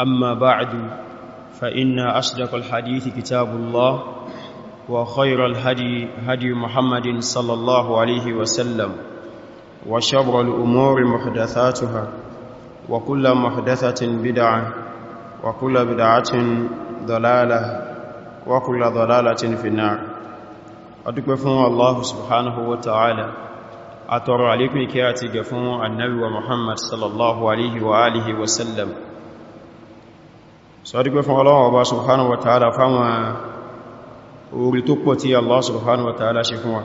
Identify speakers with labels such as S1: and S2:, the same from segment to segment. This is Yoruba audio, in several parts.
S1: أما بعد فإن أصدق الحديث كتاب الله وخير الهدي هدي محمد صلى الله عليه وسلم وشر الأمور محدثاتها وكل محدثة بدعة وكل بدعة ضلالة وكل ضلالة في النار أدوك فون الله سبحانه وتعالى أترى عليكم كياتي فون النبي ومحمد صلى الله عليه وآله وسلم sọ́dígbé fún Ọlọ́run Ọba subhanahu wa ta'ala fáwọn orí tó pọ̀ tí Allah subhanahu wa ta'ala ṣe fún wa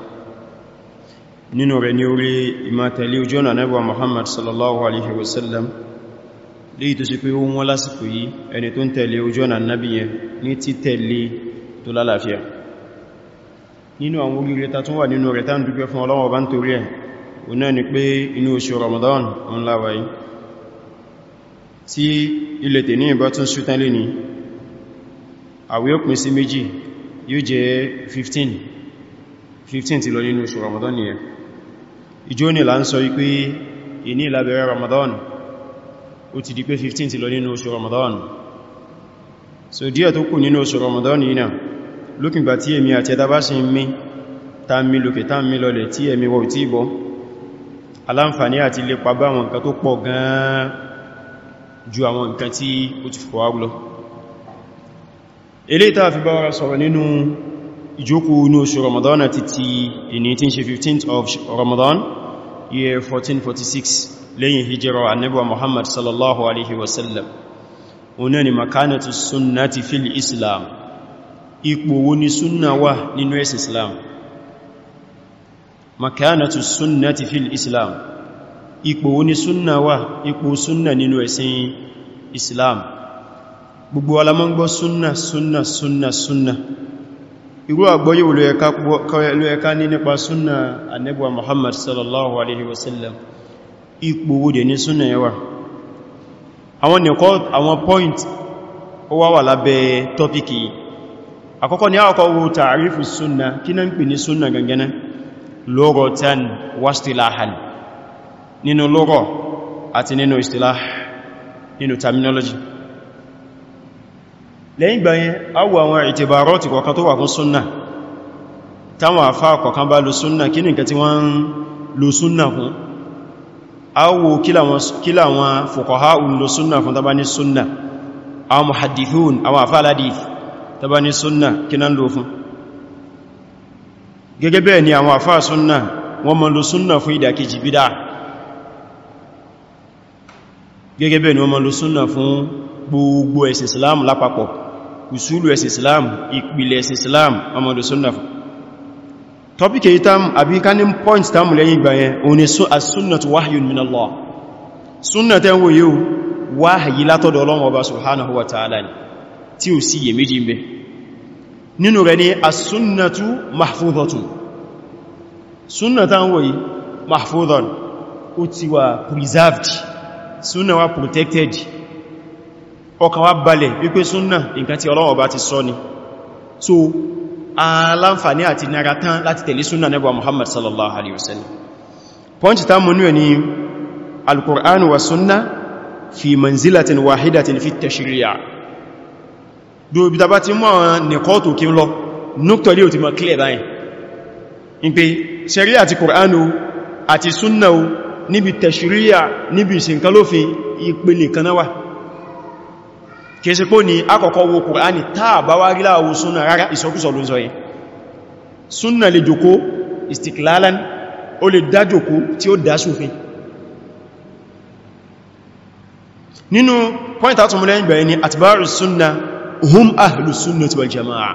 S1: nínú rẹ̀ ní orí ìmátẹ̀lé ojú ọ̀nà nẹ́bọ̀ Muhammad sallallahu alaihi wasallam léyìí tó ṣe pé ó wọ́n lásìkò yìí ẹni tó ń tẹ̀lé ojú ọ̀nà nábì yẹn ní títẹ̀lé tó tí ilẹ̀ tẹ̀ ní ìbá tún sú tán lè ní àwẹ̀ ó sí méjì yóò jẹ́ 15 15 ti lọ nínú oṣù Ramadan ni ẹ̀ ìjó ní là ń wípé ìní ìlàbẹ̀rẹ̀ Ramadan ó ti di pé 15 ti lọ nínú oṣù Ramadan so díẹ̀ tó kù nínú oṣù Ramadan yìí náà lókìngbà tí èmi àti ẹ̀dá bá sì ń mí ta mí lókè ta mí lọlẹ̀ ju àwọn nǹkan tí ó ti fòwá lọ ilé ìta fi bára sọ̀rọ̀ nínú ìjókù ní oṣù Ramadan àti ti ìní tí ń ṣe 15th of Ramadan year 1446 lẹ́yìn hijira annabuwa Muhammad sallallahu alaihi wasallam oní ni makanatu sunnati fil Islam ipò ni sunna wa nínú ẹ̀sìn Islam makanatu sunnati fil Islam ipò wo ni súnnà wà ipò súnnà nínú ẹ̀sìn Islam gbogbo alamọ́ ń gbọ́ súnnà súnnà súnnà súnnà irú àgbọ́yé wo ló yẹ ká ní nípa súnnà anẹ́gbà Muhammad sallallahu alaihi wasallam ipò wo dẹ̀ ní súnnà yẹn wà àwọn nìkọ́ àwọn point ó wá wà lábẹ́ tọ́pìkì ni àkọ́ wo tààrífù súnnà kí náà nínú lọ́rọ̀ àti nínú istilah nínú terminology lẹ́yìn gbáyẹn awọ àwọn ìtìbàrọ́tì kọ̀kan tó wà fún súnnà táwọn àfá kọ̀kan bá lo súnnà kí ní nǹkan tí wọ́n ń lo súnnà fún awọ kílà wọn fuqaha ń lo súnnà fún tàbá ní súnnà àwọn muhaddithun àwọn àfá aládìí tàbá súnnà kí náà lo fún gẹ́gẹ́ bẹ́ẹ̀ ni àwọn àfá súnnà wọ́n mọ́ lo súnnà fún ìdàkejì bídáà gẹ́gẹ́ bẹ́ẹ̀ ni wọ́n máa lo súnnà fún gbogbo ẹ̀sìn islam lápapọ̀ usulu ẹ̀sìn islam ìpìlẹ̀ ẹ̀sìn islam wọ́n máa lo súnnà fún tọ́píkì yìí tam àbí kánin point tam lẹ́yìn ìgbà yẹn o ni súnnà tó wáhìyùn min Allah súnnà tẹ́ wò yíò wáhìyí látọ̀dọ̀ Ọlọ́run tí ó ti wà preserved súnà wa protected ọkàn wa balẹ̀ wípé súnà nǹkan tí Ọlọ́run bá ti sọ ni so aláǹfàní àti nara tán láti tẹ̀lé súnà nẹ́bà Muhammad sallallahu alaihi wasallam pọ́ǹtì tá mú ní al-Qur'an wa súnà fi manzilatin wahidatin fi tashri'a dóbi tàbá ti mọ́ àwọn nìkọ́tù kí lọ núktọ̀lé ò ti mọ̀ clear báyìí in pe sharia àti Qur'an níbi tẹ̀ṣìríyà níbi ìsìnkan lófin ìpele kanáwà kìí sí pó ní àkọ́kọ́ wo kùránì táà bá wá rílá wo súnà rárá ìsọkúsọ ló ń sọ súnà lè jòkó istiklalan ó lè dá jòkó tí ó dá sófin nínú pọ́ìntà tó ni àtibárù súnà hum ahlu súnà ti wal jama'a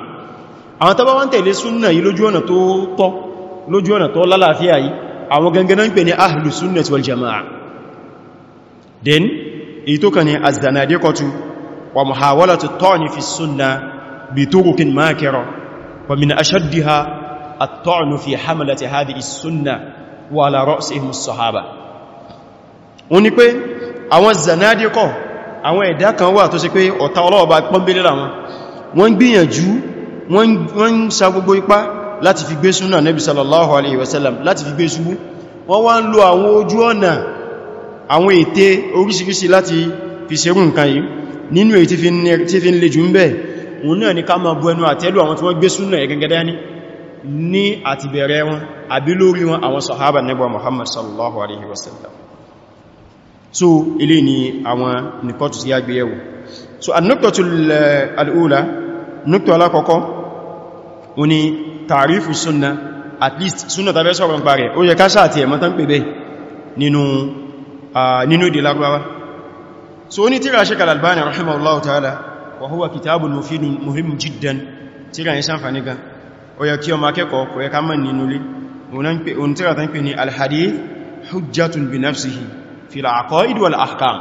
S1: àwọn tàbá wọ́n tẹ̀lé súnà yìí lójú àwọn ganganan pè ní ahlu sunnah wal jama'a den ito ka ni azdanadikotu wa muhawalatu tọ́ni fi sunna bi turukin makira wa min ashaddiha at-ta'nu fi hamalati hadhihi as-sunnah wa ala ra'sihim as-sahaba oni pé àwọn zanadiko àwọn ẹ̀dá kan wà tó ṣe pé ọ̀tá Ọlọ́run bá pọ́nbélé wọ́n gbìyànjú wọ́n sa gbogbo ipá láti fi gbé súnà nẹ́bí sallallahu alaihi wasallam láti fi gbé ṣubú wọ́n wá ń lo àwọn ojú ọ̀nà àwọn ète oríṣiríṣi láti fi ṣerú nǹkan yìí nínú èyí tí fi ń le jù ń bẹ̀ òun náà ni ká máa bu ẹnu àtẹ́lù àwọn tí wọ́n gbé súnà ẹ̀gẹ́gẹ́dẹ́ ní àti Muhammad sallallahu alaihi wasallam so ilé ni àwọn nìkọ́tù sí agbéyẹ̀wò so annuktatul eh, al'ula nukta alákọ̀ọ́kọ́ ó ní tàrífù súnnà at least súnnà tàbí sọ̀rọ̀ ń parẹ̀ ó yẹ káṣà àti ẹ̀mọ́ tán pè bẹ́ nínú ìdí Lárúbáwá so ó ní tíra Sheikh Al-Albani rahimahullahu ta'ala wa huwa kitabun mufidun muhimmin jiddan tíra yẹn ṣàǹfàní gan ó yẹ kí ọmọ akẹ́kọ̀ọ́ kò yẹ ká mọ̀ nínú lé òun tíra tán pè ní al-hadith hujjatun bi nafsihi fil aqaid wal ahkam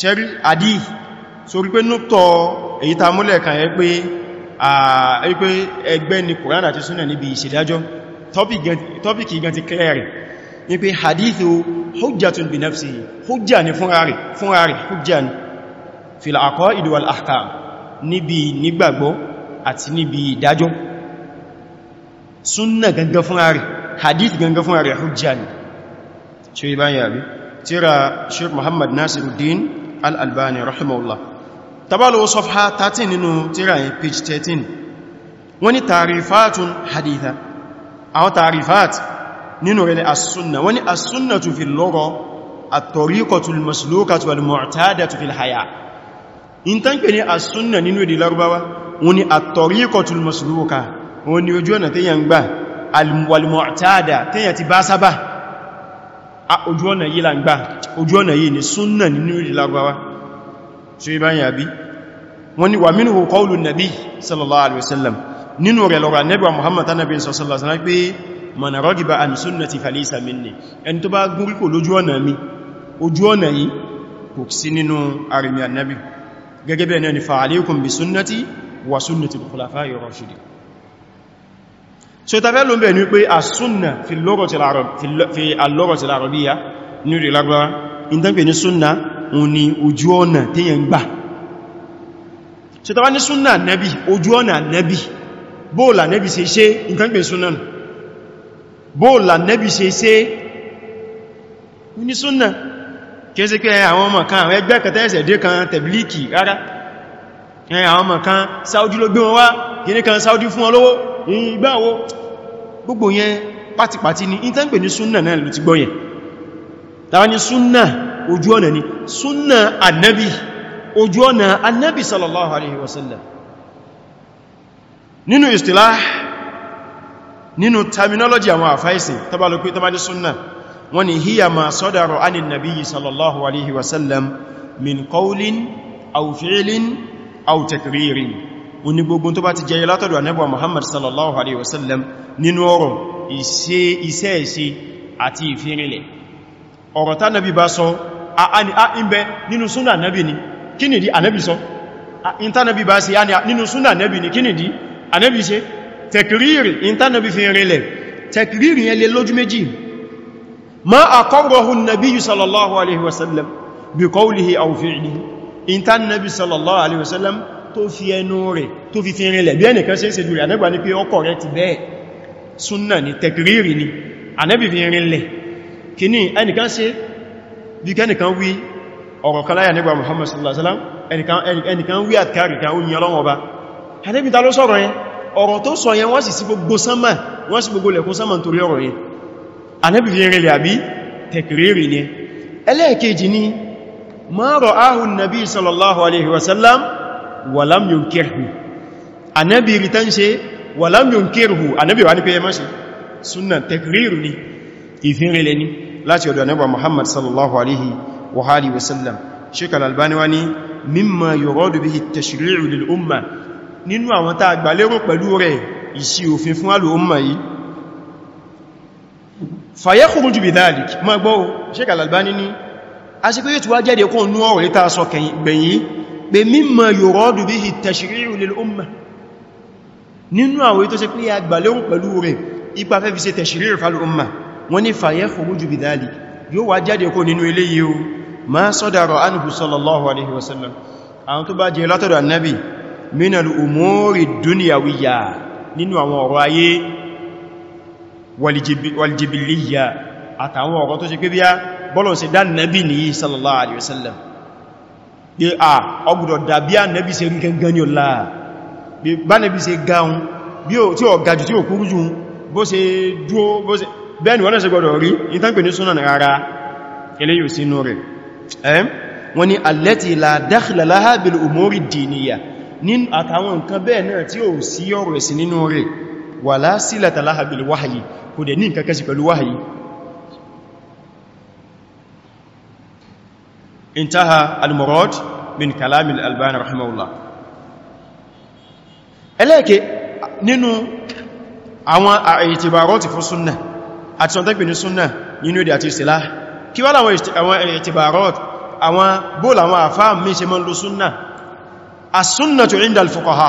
S1: ṣẹ́rí hadith so rí pé nútọ̀ èyí ta múlẹ̀ kan yẹ pé wípé ẹgbẹ́ ni Quran àti Sunnah níbi ìṣèdájọ́ tọ́pìkì gan ti clear ní pé hadith hujjatun bi nafsi hujja ni fúnra rẹ̀ fúnra rẹ̀ hujja ni fil aqaid wal ahkam níbi nígbàgbọ́ àti níbi ìdájọ́ súnnà gangan fúnra rẹ̀ hadith gangan fúnra rẹ̀ hujja ni ṣe ibáyàrí tíra Sheikh Muhammad Nasiruddin al rahimahullah tabalo safha 13 nínú tírà yẹn page 13 wọ́n ní tarifatun haditha àwọn tarifat nínú rẹ̀ as-sunna wọ́n ní as-sunnatu fil lugha at-tariqatu al-maslukatu wal-mu'tadatu fil haya in tan pè ní as-sunna nínú èdè Lárúbáwá wọ́n ní at-tariqatu al-masluka wọ́n ní ojú ọ̀nà tẹ́yàn gbà al-mu'tada ń gbà ojú ọ̀nà ṣe bá yà bí wọ́n ni wà mínú qawlu nàbí sallallahu alaihi wasallam nínú rẹ̀ lọ́rọ̀ nẹ́bà muhammad tánàbí sallallahu alaihi wasallam pé man ragiba an sunnati falaysa minni ẹni tó bá gúrí kò lójú ọ̀nà mi ojú ọ̀nà yìí kò sí nínú arìnrìn annabi gẹ́gẹ́ bẹ́ẹ̀ náà ni fa alaykum bi sunnati wa so ta ló ń bẹ̀ ní pé as-sunna fi al-lughati al-arabiyya ní ìrìlágbára ìdánpẹ̀ ní súnnà ni ojú ọ̀nà téèyàn gbà ṣe tàbá ní súnnà nẹ́bì ojú ọ̀nà nẹ́bì bóòlà nẹ́bì ṣe ṣe ìdánpẹ̀ súnnà bóòlà nẹ́bì ṣe ṣe ní súnnà kéèsí pé àwọn ọmọ kan àwọn ẹgbẹ́ kẹta ẹsẹ̀ dé kan tẹ̀bílíkì rárá àwọn ọmọ kan sáójú ló gbé wọn wá kìíní kan sáójú fún wọn lówó ìgbàwó gbogbo yẹn pátipàti ni ìtẹ́ǹpẹ̀ ní súnnà náà ló ti gbọ́yẹn tàbí ní súnnà ojú ọ̀nà ni súnnà annabi ojú ọ̀nà annabi sallallahu alaihi wasallam nínú istilah nínú terminology àwọn àfáìsì tàbí pé tàbí ní súnnà wọ́n ni hiya ma sadara anin nabi sallallahu alaihi wasallam min qawlin aw fi'lin aw takririn oni gbogbo tó bá ti jẹyẹ látọ̀dọ̀ anẹ́bọ̀ Muhammad sallallahu alaihi wasallam nínú ọ̀rọ̀ iṣẹ́ iṣẹ́ àti ìfìrinlẹ̀ ọ̀rọ̀ tá nàbí bá sọ a ní a ń bẹ nínú súnà nàbí ni kí nìdí ànẹ́bì sọ ìntánàbí bá sí a ní nínú súnà nàbí ni kí nìdí ànẹ́bì ṣe tẹ̀kìrìrì ìntánàbí fi rinlẹ̀ tẹ̀kìrìrì yẹn lè lójú méjì ma aqarrahu an-nabiyyu sallallahu alaihi wasallam bi qawlihi aw fi'lihi ìntánàbí sallallahu alaihi wasallam tó fi ẹnu rẹ̀ tó fi fi rinlẹ̀ bí kìíní ẹnìkan ṣe bí kẹ́nìkan wí ọ̀rọ̀ kaláyà nígbà Muhammad sallallahu alaihi wasallam ẹnìkan wí àtkárì kan ó ní ọlọ́wọ́ bá àdébí ta ló sọ̀rọ̀ yẹn ọ̀rọ̀ tó sọ yẹn wọ́n sì sí gbogbo sánmà wọ́n sì gbogbo lẹ̀kún sánmà torí ọ̀rọ̀ yẹn ànábì fi rìnlẹ̀ àbí tẹ̀kìrìrì ni ẹlẹ́ẹ̀kejì ni ma ra'ahu an-nabi sallallahu alaihi wasallam wa lam yunkirhu ànábì rí tán ṣe wa lam wà ní pé ẹ má ṣe súnnà tẹ̀kìrìrì ni ìfinrinlẹ̀ láti ọ̀dọ̀ Ànábì Muhammad sallallahu alaihi wa alihi wa sallam Sheikh Al-Albani wá ní mimma yuradu bihi at-tashri'u lil umma nínú àwọn tá gbà lérò pẹ̀lú rẹ̀ ìṣí òfin fún al umma yìí fa yakhruju bi dhalik ma gbọ́ Sheikh Al-Albani ní a ṣe pé yóò tí ipa fẹ́ fi ṣe tashri'u fal umma wọ́n ní fàyẹ́ khuruju bidhali yóò wá jáde kó nínú ilé yìí o ma sadara anhu sallallahu alaihi wasallam àwọn tó bá jẹ látọ̀dọ̀ annabi minal umuri duniyawiya nínú àwọn ọ̀rọ̀ ayé waljibiliya àtàwọn ọ̀rọ̀ tó ṣe pé bí á bọ́lọ̀ sí dá nàbí ní sallallahu alaihi wasallam bó ṣe dúó bó ṣe bẹ́ẹ̀ni wọ́n lẹ́sẹ̀ gbọdọ̀ rí ìtànkù ní súnà rárá eléyìí ò sínú rẹ̀ wọ́n ni allati la dakhla laha bil umuri diniya ní àtàwọn nǹkan bẹ́ẹ̀ náà tí ó sí ọ̀rọ̀ ẹ̀sìn nínú rẹ̀ wala silata laha bil wahyi kò dẹ̀ ní nǹkan kẹsì pẹ̀lú wahyi intaha al àwọn àìtìbàrọ̀ ti fún súnnà àti sọ́ntẹ́gbì ní súnnà nínú èdè àti ìsìlá kí wá láwọn ìtìbàrọ̀t àwọn bóòlù àwọn àfáà mí ṣe mọ́n lo súnnà as-súnnà tó inda al-fuqaha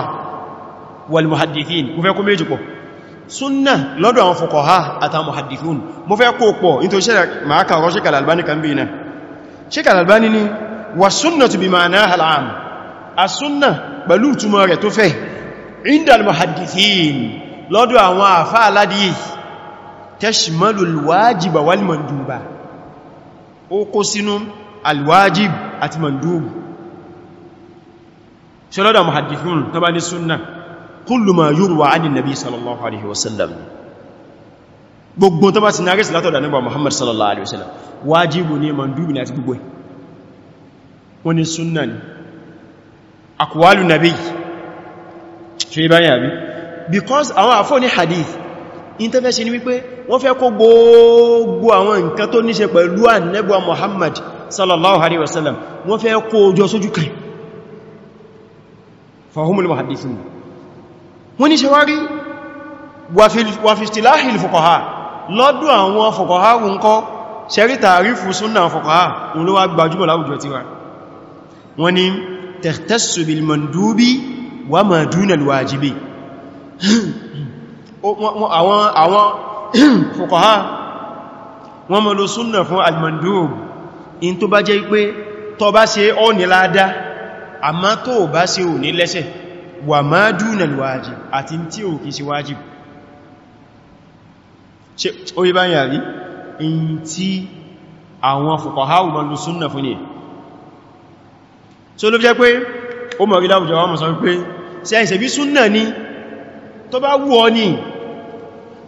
S1: wal muhaddithin mo fẹ́ kó méjì pọ̀ súnnà lọ́dọ̀ àwọn fuqaha àtàwọn muhaddithun mo fẹ́ kó pọ̀ nítorí ṣe máa kàrọ ṣe àfáà aládìí tashmalu alwajiba wal manduba ó kó sínú alwajib àti mandub ṣe lọ́dọ̀ muhaddithun tó bá ní súnnà kullu ma yurwa anin nabi sallallahu alaihi wasallam gbogbo tó bá ti nárí sí látọ̀dà nígbà muhammad sallallahu alaihi wasallam wajibu ne mandubi ne àti gbogbo because àwọn àfọ́ ní hadith internet ṣe ni wípé wọ́n fẹ́ kó gbogbo àwọn nǹkan tó níṣe pẹ̀lú ànẹ́bùwa Muhammad sallallahu alaihi wasallam wọ́n fẹ́ kó jọ sójú kan fahumul muhaddisin wọ́n ní ṣe wá rí lọ́dún àwọn fuqaha wù ṣẹ́rí tààrífù àwọn fuqaha wọ́n mọ́ lo súnnà fún al-mandub in tó bá jẹ́ pé tó bá ṣe ó ní láadá àmá tó bá ṣe ò ní lẹ́sẹ̀ wà má dúnà wájib àti tí ò kìí ṣe wájib ṣe ó yí bá ń yàrí in tí tó bá wù ọ ní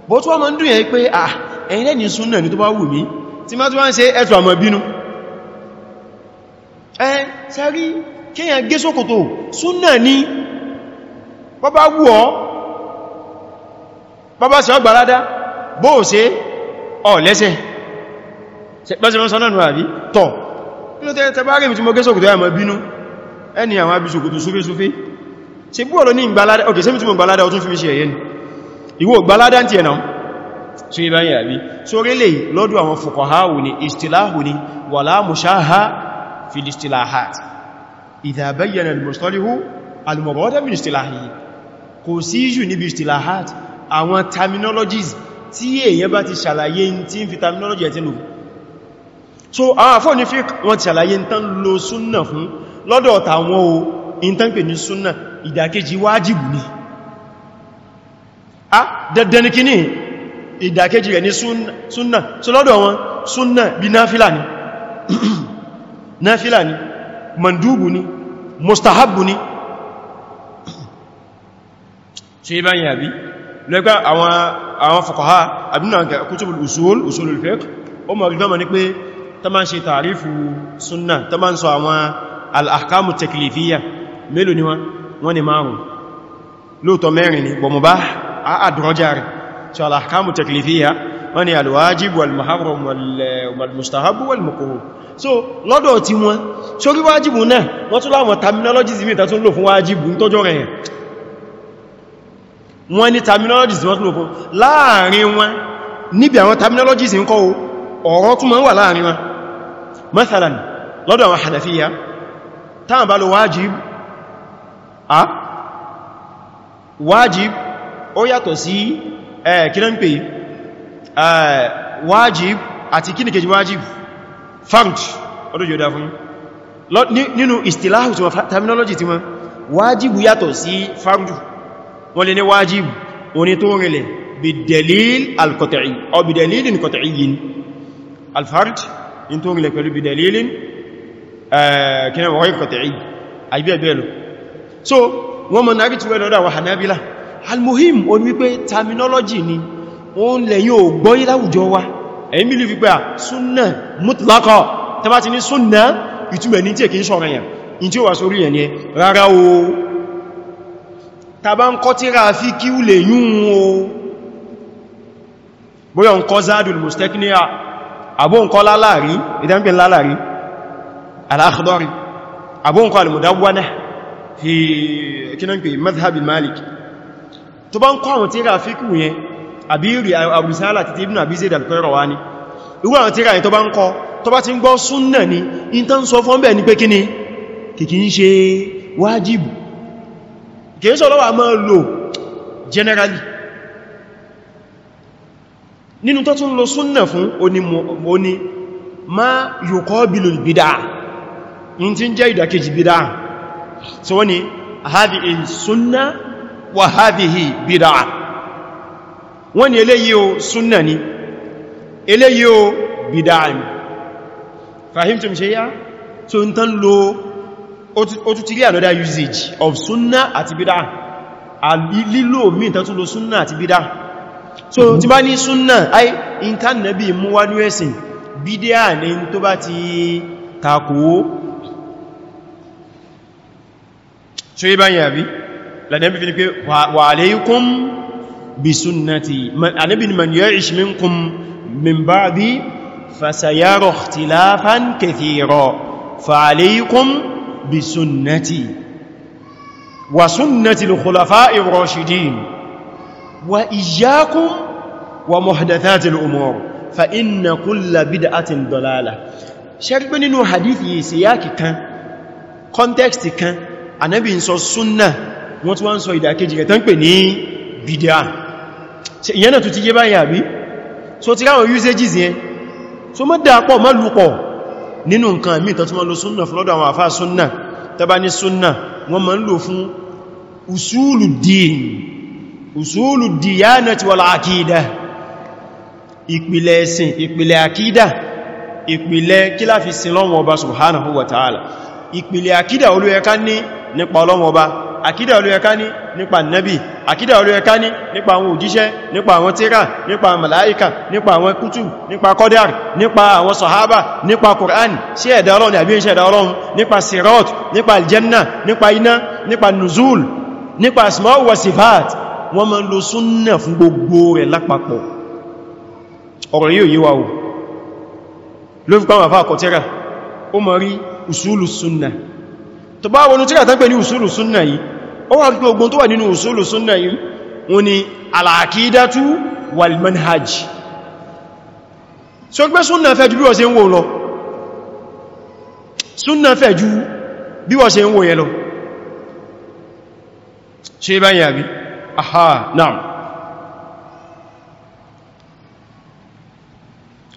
S1: bó tó wọ́n dùn yẹn pé à ẹ̀yin lẹ́ni súnnà ní tó bá wù mí tí má tó wá ń ṣe ẹ̀tù àmọ̀ bínú ẹ sẹ́rí kíyàn gé sókòtò súnnà ní bọ́bá wù ọ bọ́bá sí ọgbàládá bó ò ṣe ọ lẹ́sẹ̀ tọ́ nínú tẹ́ tẹ́ bá rí ẹni àwọn abisòkòtò súfésúfé ṣe bú ọ̀lọ́ ní ìgbàládá ok ṣe mi túnmù ìgbàládá ọdún fún mi ṣe ẹ̀yẹ́ ni ìwò ìgbàládá ti ẹ̀nà ṣe ìbáyìn àbí so rẹ̀lẹ̀ lọ́dọ̀ àwọn fuqaha'u ni istilahu ni wala mushaha fil istilahat idha bayyana al-mustalihu al-murada min istilahi kò sí jù níbi istilahat àwọn terminologies tí èyàn bá ti ṣàlàyé tí ń fi terminology ẹ̀ tí lọ́dọ̀ tàwọn o in tán súnnà ìdàkejì wájìbù ni a ah, dandan kí ní ìdàkejì rẹ̀ ní súnnà so lọ́dọ̀ wọn súnnà bí náfílà ni náfílà ni mandubu ni mustahabu ni ṣe bá yìí àbí lẹ́gbẹ́ àwọn fuqaha àbínà kutubul usul usulul fiqh o mọ̀ rígbọ́mọ̀ ní pé ta ma ń ṣe tàrífù súnnà ta ma ń sọ àwọn al-ahkamu mélòó ni wọn wọ́n ni márùn lóòtọ́ mẹ́rin ni bọ̀mù bá a àdúrọjá rẹ̀ so al-ahkamu wọ́n ni al-wajib wal-muharram wal-mustahab wal-makruh so lọ́dọ̀ tí wọ́n sórí wájìbù náà wọ́n tún láwọn terminologies mi tàtún lò fún wájìbù ń tọ́jọ́ rẹ̀ wọ́n ni terminologies wọ́n tún lò fún láàrin wọn níbi àwọn terminologies ń kọ́ ọ̀rọ̀ tún máa wà a wájib ó yàtọ̀ sí kíná ń pè wájib àti kíni kejì wájib fard ọdún yóò dá fún nínú istilahu tí wọ́n terminology tí wọ́n wájib yàtọ̀ sí fard wọ́n lè ní wájib oní tó rìnlẹ̀ bidalil al-qat'i aw bidalilin qat'iyyin al-fard in tó rìnlẹ̀ pẹ̀lú bidalilin kíná wọ́n qat'i àìbẹ̀ẹ̀bẹ̀ẹ̀ so wọ́n mọ̀ náàbí tí wọ́n lọ́dọ̀ àwọn hanabila almuhim o ní wípé terminology ni o ń lẹ́yìn ò gbọ́yí láwùjọ wa ẹ̀yìn mílì wípé à súnnà mútlákọ̀ tàbá ti ní súnnà ìtumẹ̀ ní tí èkì ń sọ̀rọ̀ yẹn in tí ó wà sórí yẹn rárá o tàbá ń kọ́ tí ráfí kí ú lè fi kínan pé madhhab al-malik tó bá ń kọ́ àwọn tíra fíkù yẹn àbí rí àrùsálà títí ibn àbí zaid al-qayrawani irú àwọn tíra yẹn tó bá ń kọ́ tó bá ti ń gbọ́ súnnà ní in tán sọ ni pé kíni kìkì ń ṣe generally nínú tó tún lọ súnnà fún ma yuqabilu al-bid'ah in ti so wani hadhihi sunna wa hadhihi bid'a wani eléyìí o sunna ni eléyìí o bid'a ni fahimtum shay'a so n tan lo o tu ti rí another usage of sunna àti bid'a lílò mi tán tún lo sunna àti bid'a so tí bá ní sunna ai in ta nabi mú wá ní ni tó bá ti takò so yi báyìí àbí lànàbí fi ní pé wa alaykum bi sunnati anábi ni man ya'ish minkum min ba'di fasayara ikhtilafan kathira fa alaykum bi sunnati wa sunnati al-khulafa'i ar-rashidin wa iyyakum wa muhdathati al-umur fa inna kulla bid'atin dalalah ṣe rí pé nínú hadith yìí sí yá kìkan context kan ànábì ń sọ súnnà wọ́n tí wọ́n ń sọ ìdàkejì rẹ̀ tán pè ní bìdá ìyẹn náà tó ti yé báyìí àbí so ti ráwọn usages yẹn so ma dáapọ̀ mọ́ lúpọ̀ nínú nǹkan mí tọ́ tí wọ́n lo súnnà fún lọ́dọ̀ àwọn àfá súnnà tàbá ní súnnà wọ́n mọ́ ń lò fún usulu din usulu diyanati wal akida ìpìlẹ̀ ẹ̀sìn ìpìlẹ̀ akida ìpìlẹ̀ kila la fi sin Ọlọ́hun Ọba subhanahu wa ta'ala ìpìlẹ̀ akida olóyẹ ká ní nípa Ọlọ́run Ọba àkídà olóyẹ ká ní nípa nẹ́bì àkídà olóyẹ ká ní nípa àwọn òjíṣẹ́ nípa àwọn tírà nípa màláíkà nípa àwọn kútù nípa kọ́dár nípa àwọn sọ̀hábà nípa Kùránì sí ẹ̀dá Ọlọ́run àbí iṣẹ́ ẹ̀dá Ọlọ́run nípa sirot nípa aljanna nípa iná nípa nuzul nípa asma wa sifat wọ́n máa ń lo súnnà fún gbogbo rẹ̀ lápapọ̀ ọ̀rọ̀ yóò yíwa o ló fi pàwọn àfá àkọ̀tẹ́ra ó mọ̀ rí usulu súnnà tó bá wọnú tí kàtàkì ní usulu súnnà yìí ó wà pípẹ́ ogun tó wà nínú usulu súnnà yìí wọn ni al-aqidatu wal manhaj so gbé súnnà fẹ́ ju bí wọ́n ṣe ń wò lọ súnnà fẹ́ ju bí wọ́n ṣe ń wò yẹ lọ ṣe báyìí àbí aha naam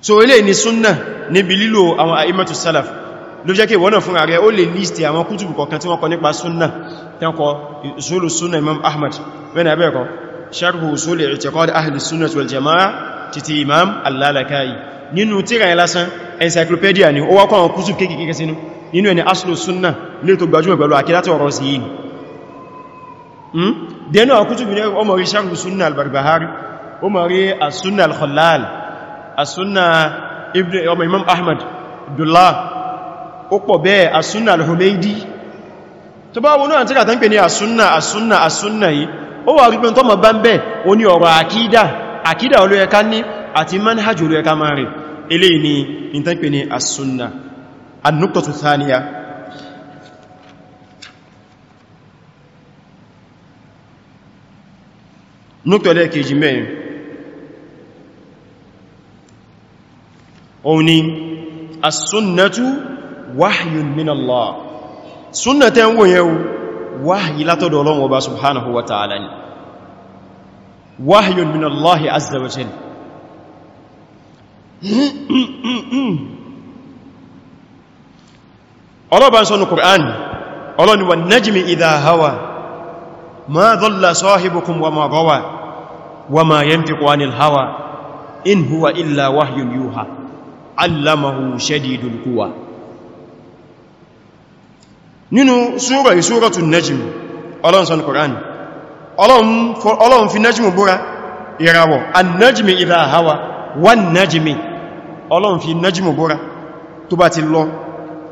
S1: so ilé ni súnnà níbi lílò àwọn a'immatu salaf ló jẹ́ kí ìwọ́nà fún ààrẹ ó lè lístì àwọn kútùbù kọ̀kan tí wọ́n kọ nípa súnnà tí wọ́n kọ usulu súnnà imam ahmad wẹ́n àbẹ́ẹ̀kọ́ sharhu usuli i'tiqad ahli sunnah wal jama'a titi imam al-lalaka'i nínú tíra ẹlásán encyclopedia ni ó wákọ̀ àwọn kútùbù kéèkéé sínú nínú ẹni aslu súnnà lè tó gbajúmọ̀ pẹ̀lú àkídátì ọ̀rọ̀ sí yìí hmm? dẹnu àwọn kútùbù ní ọmọ rí sharhu súnnà al-barbahari ọmọ rí as-súnnà al-khallal as-súnnà ibn imam ahmad abdullah ó pọ̀ bẹ́ẹ̀ asúnà al-Humaydi tó bá wọnú àti kàtà ń pè ní asúnà asúnà asúnà yìí ó wà rí pé tó mọ̀ bá ń bẹ́ ó ní ọ̀rọ̀ àkídà àkídà olóyẹká ní àti manhaj olóyẹká máa rẹ̀ ilé ní ìtàn pè ní asúnà an-nuqtatu wahyun min Allah súnà tẹ́ ń wò yẹn wáhì látọ̀dọ̀ ọlọ́run ọba subhanahu wa ta'ala ni wahyun min Allah azza wa jalla ọlọ́bà ń sọ́nà Qur'an ọlọ́ni wa najmi idha hawa ma dhalla sahibukum wa ma gawa wa ma yantiqu anil hawa in huwa illa wahyun yuha allamahu shadidul quwa nínú súrọ̀ ìsúrọ̀tù najm ọlọ́run sọ ní Kùránì ọlọ́run fi najm búra ìràwọ̀ annajmi idha hawa wan najmi ọlọ́run fi najm búra tó bá ti lọ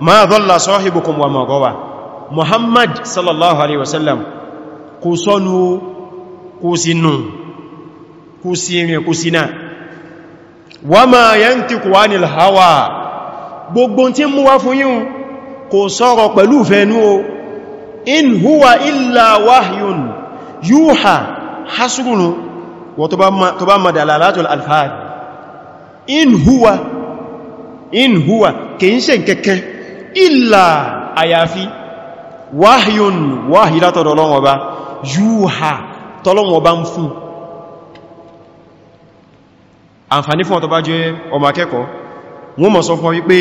S1: ma dhalla sahibukum wa ma gawa Muhammad sallallahu alaihi wasallam kò sọnù kò sínú kò sírin kò síná hawa gbogbo tí mú wá fún yíò kò sọ̀rọ̀ pẹ̀lú fẹ́nú o in huwa illa wahyun yuha hasrunu wọ́n tó bá madàlá látọ̀ alfahad in huwa in huwa kìí ṣe kẹ́kẹ́ illa àyàfi wahyun wáhì látọ̀ ọlọ́wọ́ba yuha tọ́lọ́wọ́ba ń fún àǹfàní fún ọ̀tọ́bá jẹ́ ọmọ akẹ́kọ̀ọ́ wọ́n mọ̀ sọ fún wípé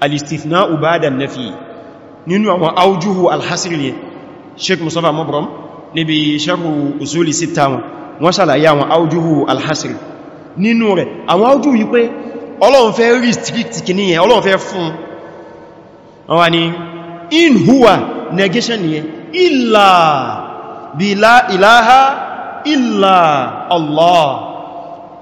S1: al-istithna'u ba'da an-nafi nínú àwọn awjuhu al-hasri ni sheik musafa mabram níbi sharhu usuli sita wọn wọ́n ṣàlàyé àwọn awjuhu al-hasri nínú rẹ̀ àwọn awjuhu yìí pé ọlọ́run fẹ́ restrict kìíní yẹn ọlọ́run fẹ́ fún wọn ni in huwa negation yẹn illa bila ilaha illa Allah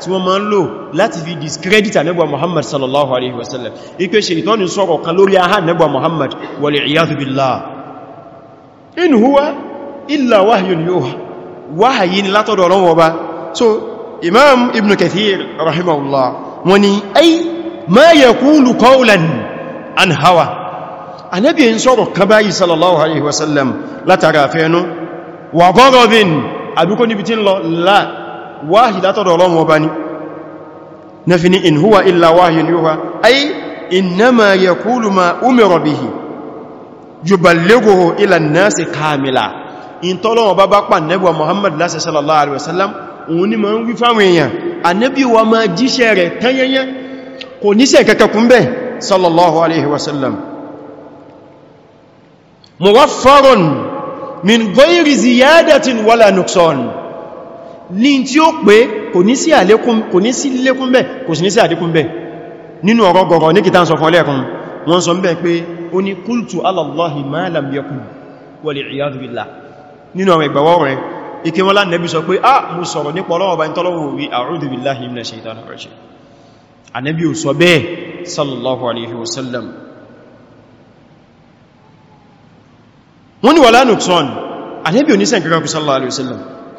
S1: tí wọ́n máa ń lò láti fi discredit anẹ́gbà Muhammad sallallahu alaihi wasallam ipé ṣe ìtọ́ni sọ̀rọ̀ kan lórí aha anẹ́gbà Muhammad wal iyadhu billah in huwa illa wahyun yuha wáhàyí ni látọ̀dọ̀ ọ̀rọ̀ wọba so imam ibn kathir rahimahullah wani ai ma yaqulu qawlan an hawa anẹ́bí wa ghadabin àbíkó níbi tí ń wáhì látọ̀dọ̀ ọlọ́run ọba ni na fi ni in huwa illa wahyun yuha ay innama yaqulu ma umira bihi yuballighuhu ila an-nasi kamila in tọ́lọ́run ọba bá pa nabi wa muhammad lásì sallallahu alaihi wasallam òun ni ma ń wí min ghairi ziyadatin wala nuqsan ní tí ó pé kò ní sí àlékún kò ní sí lékún bẹ́ kò sí ní sí àdíkún bẹ́ nínú ọ̀rọ̀ gọ̀rọ̀ ní kìtà sọ fún ọlẹ́kùn wọ́n sọ bẹ́ pé ó ní qultu ala Allahi ma lam yakun wal iyadhu billah nínú ọ̀rọ̀ ìgbàwọ́ rẹ̀ ike wọ́n lánàbí sọ pé ah mo sọ̀rọ̀ nípa ọlọ́wọ́ bá ń tọ́lọ́wọ́ rí a'udhu billahi minash wọ́n ni wà sallallahu alaihi wasallam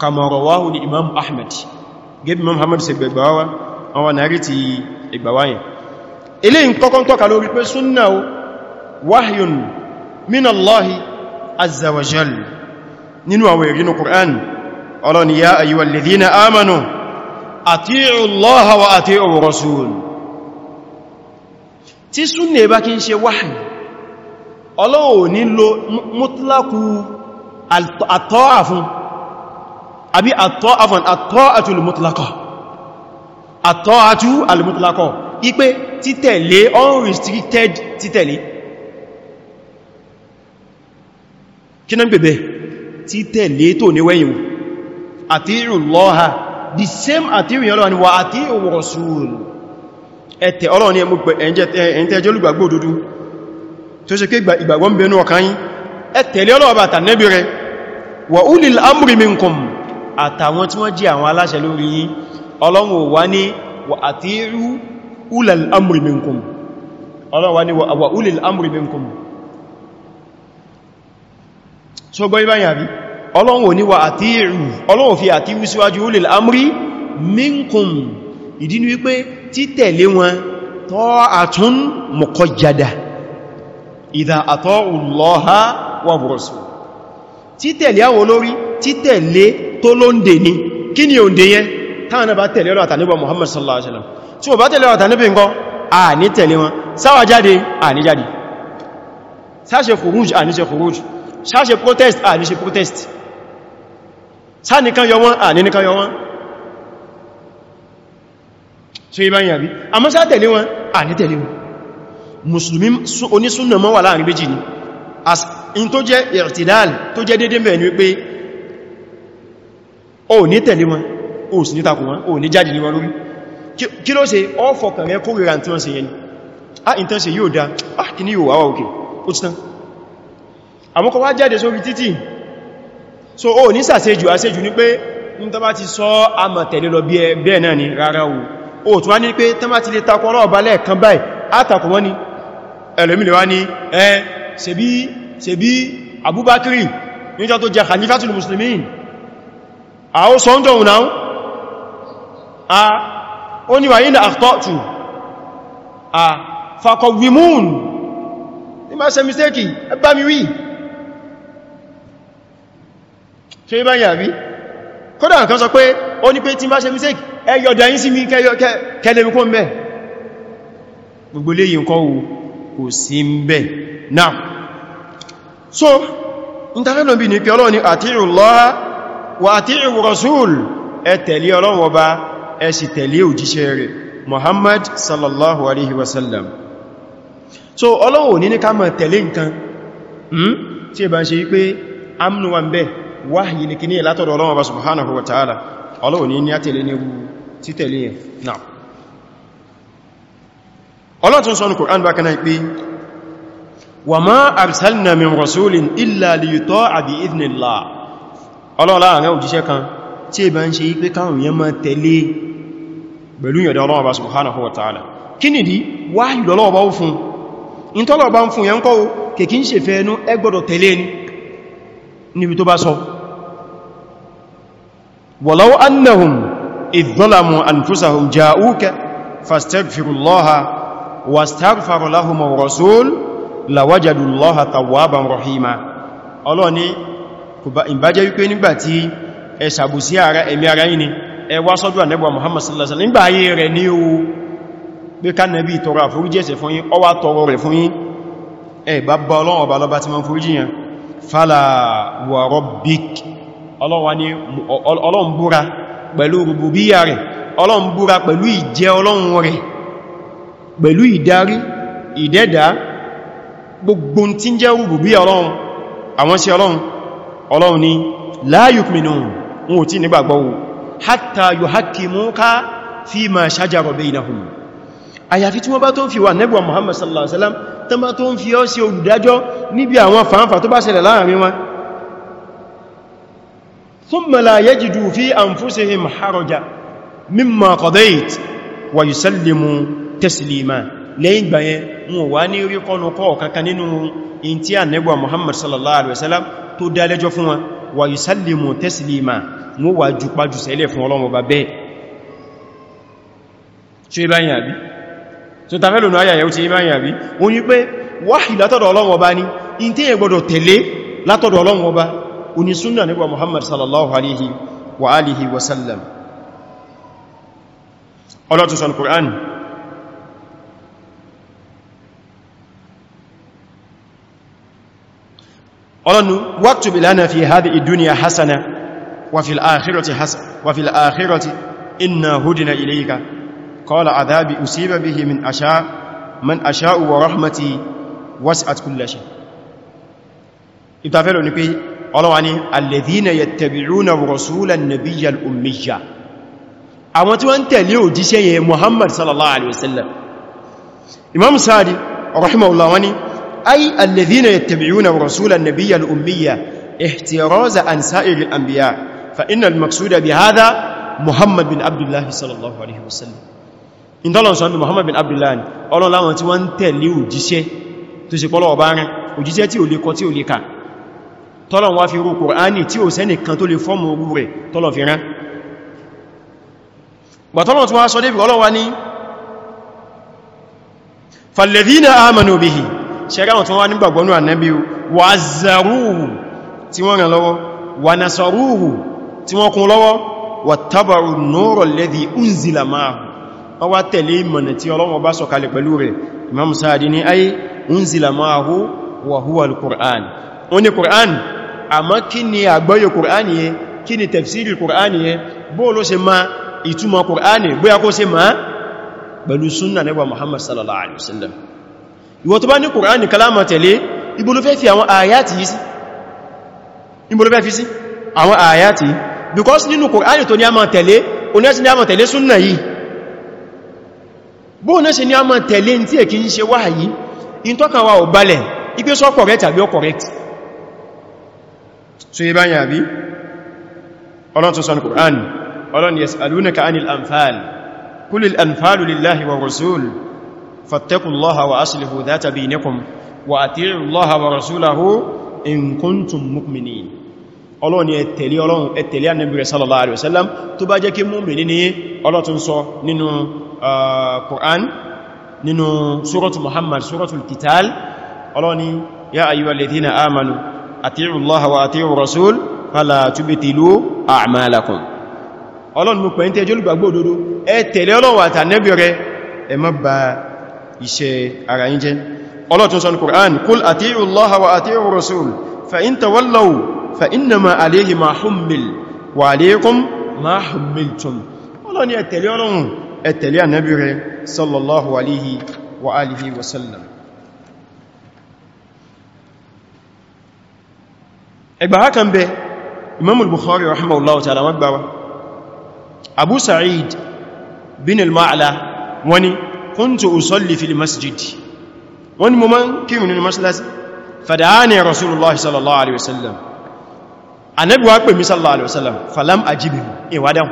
S1: kama rawahu li imam ahmad gẹ́bí imam ahmad ṣe gbẹ̀gbàwá àwọn nàrí ti ìgbàwáyìn ilé ń kọ́kọ́ tọ́ka lórí pé súnnà wahyun min allahi azza wa jal nínú àwọn ìrìnà qur'an ọlọ́ni ya ayyuwal ladhina amanu ati'u allaha wa àbí àtọ́ afọ̀n àtọ́ àtú alìmútùlákọ̀ àtọ́ àtú alìmútùlákọ̀ ipé títẹ̀lé unrestricted títẹ̀lé kí náà bẹ̀bẹ̀ títẹ̀lé tó níwẹ̀yìn àti ìrùlọ́ha the same àti ìrìn ọlọ́ni wa àti ìwọ̀sùn ẹ̀tẹ̀ ọlọ́ni ẹ̀ntẹ́jẹ́ olùgbàgbò òdodo tó ṣe kí ìgbàgbọ́ ń bẹnu ọkàn yín wa ulil amri minkum àtàwọn tí wọ́n jẹ́ àwọn aláṣẹ lórí yín ọlọ́run wà ní wà àtíru ulal amri minkum ọlọ́run wà ní wà ulil amri minkum so gbọ́ ibáyà bí ọlọ́run ò ní wà àtíru ọlọ́run fi àtíru síwájú ulil amri minkum ìdí ni wípé títẹ̀lé wọn ta'atun muqayyada idha ata'u Allaha wa rasulahu títẹ̀lé àwọn olórí títẹ̀lé tó lóǹdè ní kí ni òǹdè yẹn táwọn bá tẹ̀lé ọ̀rọ̀ àtàníbọ̀ Muhammad sallallahu alaihi wasallam tí wọ́n bá tẹ̀lé ọ̀rọ̀ àtàníbì nǹkan a ní tẹ̀lé wọn sáwà jáde a ní jáde sáṣe khuruj a ní ṣe khuruj sáṣe protest a ní ṣe protest sáníkan yọ wọn a ní níkan yọ wọn tí ó ibá yàrí a mọ́ sá tẹ̀lé wọn a ní tẹ̀lé wọn musulmi onísúnnà mọ́ wà láàrin méjì ni as in tó jẹ́ ìrtidal tó jẹ́ dédé mẹ́rin wípé o ní tẹ̀lé wọn o sì ní takò wọn o ní jáde lé wọn lórí kí ló ṣe ọ fọkàn rẹ kórìíra tí wọ́n ṣe yẹn ah in tán ṣe yóò dá ah kì ní yóò wáwá òkè ó ti tán àmọ́kọ wá jáde sórí títì so o ní sàṣejù àṣejù ní pé ní tán bá ti sọ àmọ̀ tẹ̀lé lọ bí bẹ́ẹ̀ náà ni rárá o o tún wá ní pé tán bá ti lè takọ náà bá lẹ́ẹ̀kan báyìí àtakò wọn ni ẹlòmí lè wá ní ẹ àwọ́ sọ́njọ́ òun a ó ní na àtọ́tù a fàkọ̀wìmún ní máa ṣe mistéèkì ẹgbà mi wí ṣe bá yà rí kódà nǹkan sọ pé ó ní pé tí máa ṣe mistéèkì sí mi gbogbo so ọlọ́ni àti wa ati'u rasul ẹ tẹ̀lé Ọlọ́run Ọba ẹ sì tẹ̀lé òjíṣẹ́ rẹ̀ Muhammad sallallahu alaihi wasallam so Ọlọ́run ní ní ká máa tẹ̀lé nǹkan hmm? tí ẹ bá ń ṣe wípé amnu wa ń bẹ wáhìí ní kìíní látọ̀dọ̀ Ọlọ́run Ọba subhanahu wa ta'ala Ọlọ́run ní ní á tẹ̀lé ní títẹ̀lé yẹn náà Ọlọ́run wa ma arsalna min rasulin illa liyuta'a bi idhnillah ọlọ́ọ̀lá àrẹ òjíṣẹ́ kan tí ìbá ń ṣe pé káwọn èèyàn máa tẹ̀lé pẹ̀lú ìyọ̀dá ọlọ́ọ̀bá subhanahu wa kí nìdí wáyìí lọ́lọ́ọ̀bá ń fún ọlọ́ni ìbá jẹ́ wípé nígbàtí ẹ ṣàbùsí ara ẹ̀mí ara yìí ni ẹ wá sọ́dọ̀ ànẹ́bọ̀ Muhammad sallallahu alaihi wasallam nígbà ayé rẹ̀ ní o pé ká nẹ́bí tọrọ àforíjì ẹ̀ṣẹ̀ fún fala wa rabbik Ọlọ́run búra pẹ̀lú rububiyya rẹ̀ Ọlọ́run búra pẹ̀lú ìjẹ́ Ọlọ́run rẹ̀ pẹ̀lú ìdarí ìdẹ́dà gbogbo tí ń jẹ́ rububiyya Ọlọ́run àwọn sí Ọlọ́run ọlọ́run ni la yu'minun wọn ò tí nígbàgbọ́ wò hatta yuhakkimuka fima shajara bainahum àyàfi tí wọ́n bá tó ń fi wà nẹ́bùwa Muhammad sallallahu alaihi wasallam tó bá tó ń fi ọ́ sí olùdájọ́ níbi àwọn fàánfà tó bá ṣẹlẹ̀ láàrin wọn thumma la yajidu fi anfusihim haraja mimma lẹ́yìn gbàyẹn wọn wà ní orí kọnu kọ́ kankan nínú in tí a nẹ́bùwa Muhammad sallallahu alaihi wasallam tó dá lẹ́jọ́ fún wọn wà yusallimu taslima mú wà jù pàjù sẹ́lẹ̀ fún ọlọ́run ọba bẹ́ẹ̀ ṣe ibáyìn àbí so ta mẹ́lò náà yàyà ó ti ibáyìn àbí o ní pé wáhì látọ̀dọ̀ ọlọ́run ọba ní in tí ọlọ́nu waktub lana fi hadhihi dunya hasana wa fil akhirati hasana wa fil akhirati inna hudina ilayka qala adhabi usiba bihi min asha man asha'u wa rahmati was'at kulli shay ìtafẹ́lò ní pé ọlọ́wà ní alladhina yattabi'una rasulan nabiyyal ummiyya àwọn tí أي الذين يتبعون الرسول النبي الأمية احتراز عن سائر الأنبياء فإن المقصود بهذا محمد بن عبد الله صلى الله عليه وسلم إن الله سبحانه محمد بن عبد الله ọlọ́run láwọn tí wọ́n ń tẹ̀lé òjíṣẹ́ tó ṣe pọ́lọ̀ ọba rán òjíṣẹ́ tí ò lè kọ tí ò lè kà tọ́lọ̀n wá fi rú Kùránì tí ò sẹ́nì kan tó lè fọ́mù orú rẹ̀ tọ́lọ̀ fi rán gbàtọ́lọ̀ tí wọ́n sọ débì ọlọ́wà ní فالذين آمنوا به ṣẹ́ráwọn tí wọ́n wá nígbàgbọ́nú ànábí wà zarúhù tí wọ́n ràn lọ́wọ́ wà nasarúhù tí wọ́n kún unzila máa wọ́n wá tẹ̀lé ìmọ̀nà tí Ọlọ́run bá sọ̀kalẹ̀ pẹ̀lú rẹ̀ unzila máa hù wà quran ó ní Qur'an àmọ́ kí ni àgbọ́yọ̀ Qur'an yẹ kí ni Qur'an yẹ bó ló ṣe ma ìtumọ̀ Qur'an bóyá kó ṣe ma pẹ̀lú sunna Ànábì Muhammad sallallahu alaihi wasallam ìwọ tó bá ní kùránì kalamọ̀ tẹ̀lé ibo ló fẹ́ fi àwọn àyàtì yìí sí ibo ló fẹ́ fi sí àwọn àyàtì because nínú kùránì tó ní a máa tẹ̀lé oníẹ́sì ní a máa tẹ̀lé súnnà yìí bóò náà ṣe ní a máa tẹ̀lé tí èkì ń ṣe wáyìí in tọ́ka wa ò balẹ̀ ipé sọ correct àbí فاتقوا الله وأصلحوا ذات بينكم وأطيعوا الله ورسوله إن كنتم مؤمنين ọlọ́run ni ẹ̀tẹ̀lé ọlọ́run ẹ̀tẹ̀lé annabirai sallallahu alaihi wasallam tó bá jẹ́ kí múmìnì ní ọlọ́tún sọ nínú uh, Qur'an nínú suratu Muhammad suratul Qital ọlọ́run ya ayyuhalladhina iṣẹ́ ara yín jẹ́ ọlọ́tún sọ ní Qur'an kul ati'u Allaha wa ati'u rasul fa in tawallaw fa innama alayhi ma hummil wa alaykum ma hummiltum ọlọ́ni ẹ tẹ̀lé Ọlọ́run ẹ tẹ̀lé Ànábì sallallahu alayhi wa alihi wa wani kuntu usalli fil masjid wọ́n ni mo máa ń kírun nínú mọ́sálásí fada'ani rasulullah sallallahu alaihi wasallam ànábì wá pè mí sallallahu alaihi wasallam falam ajibu ìwádán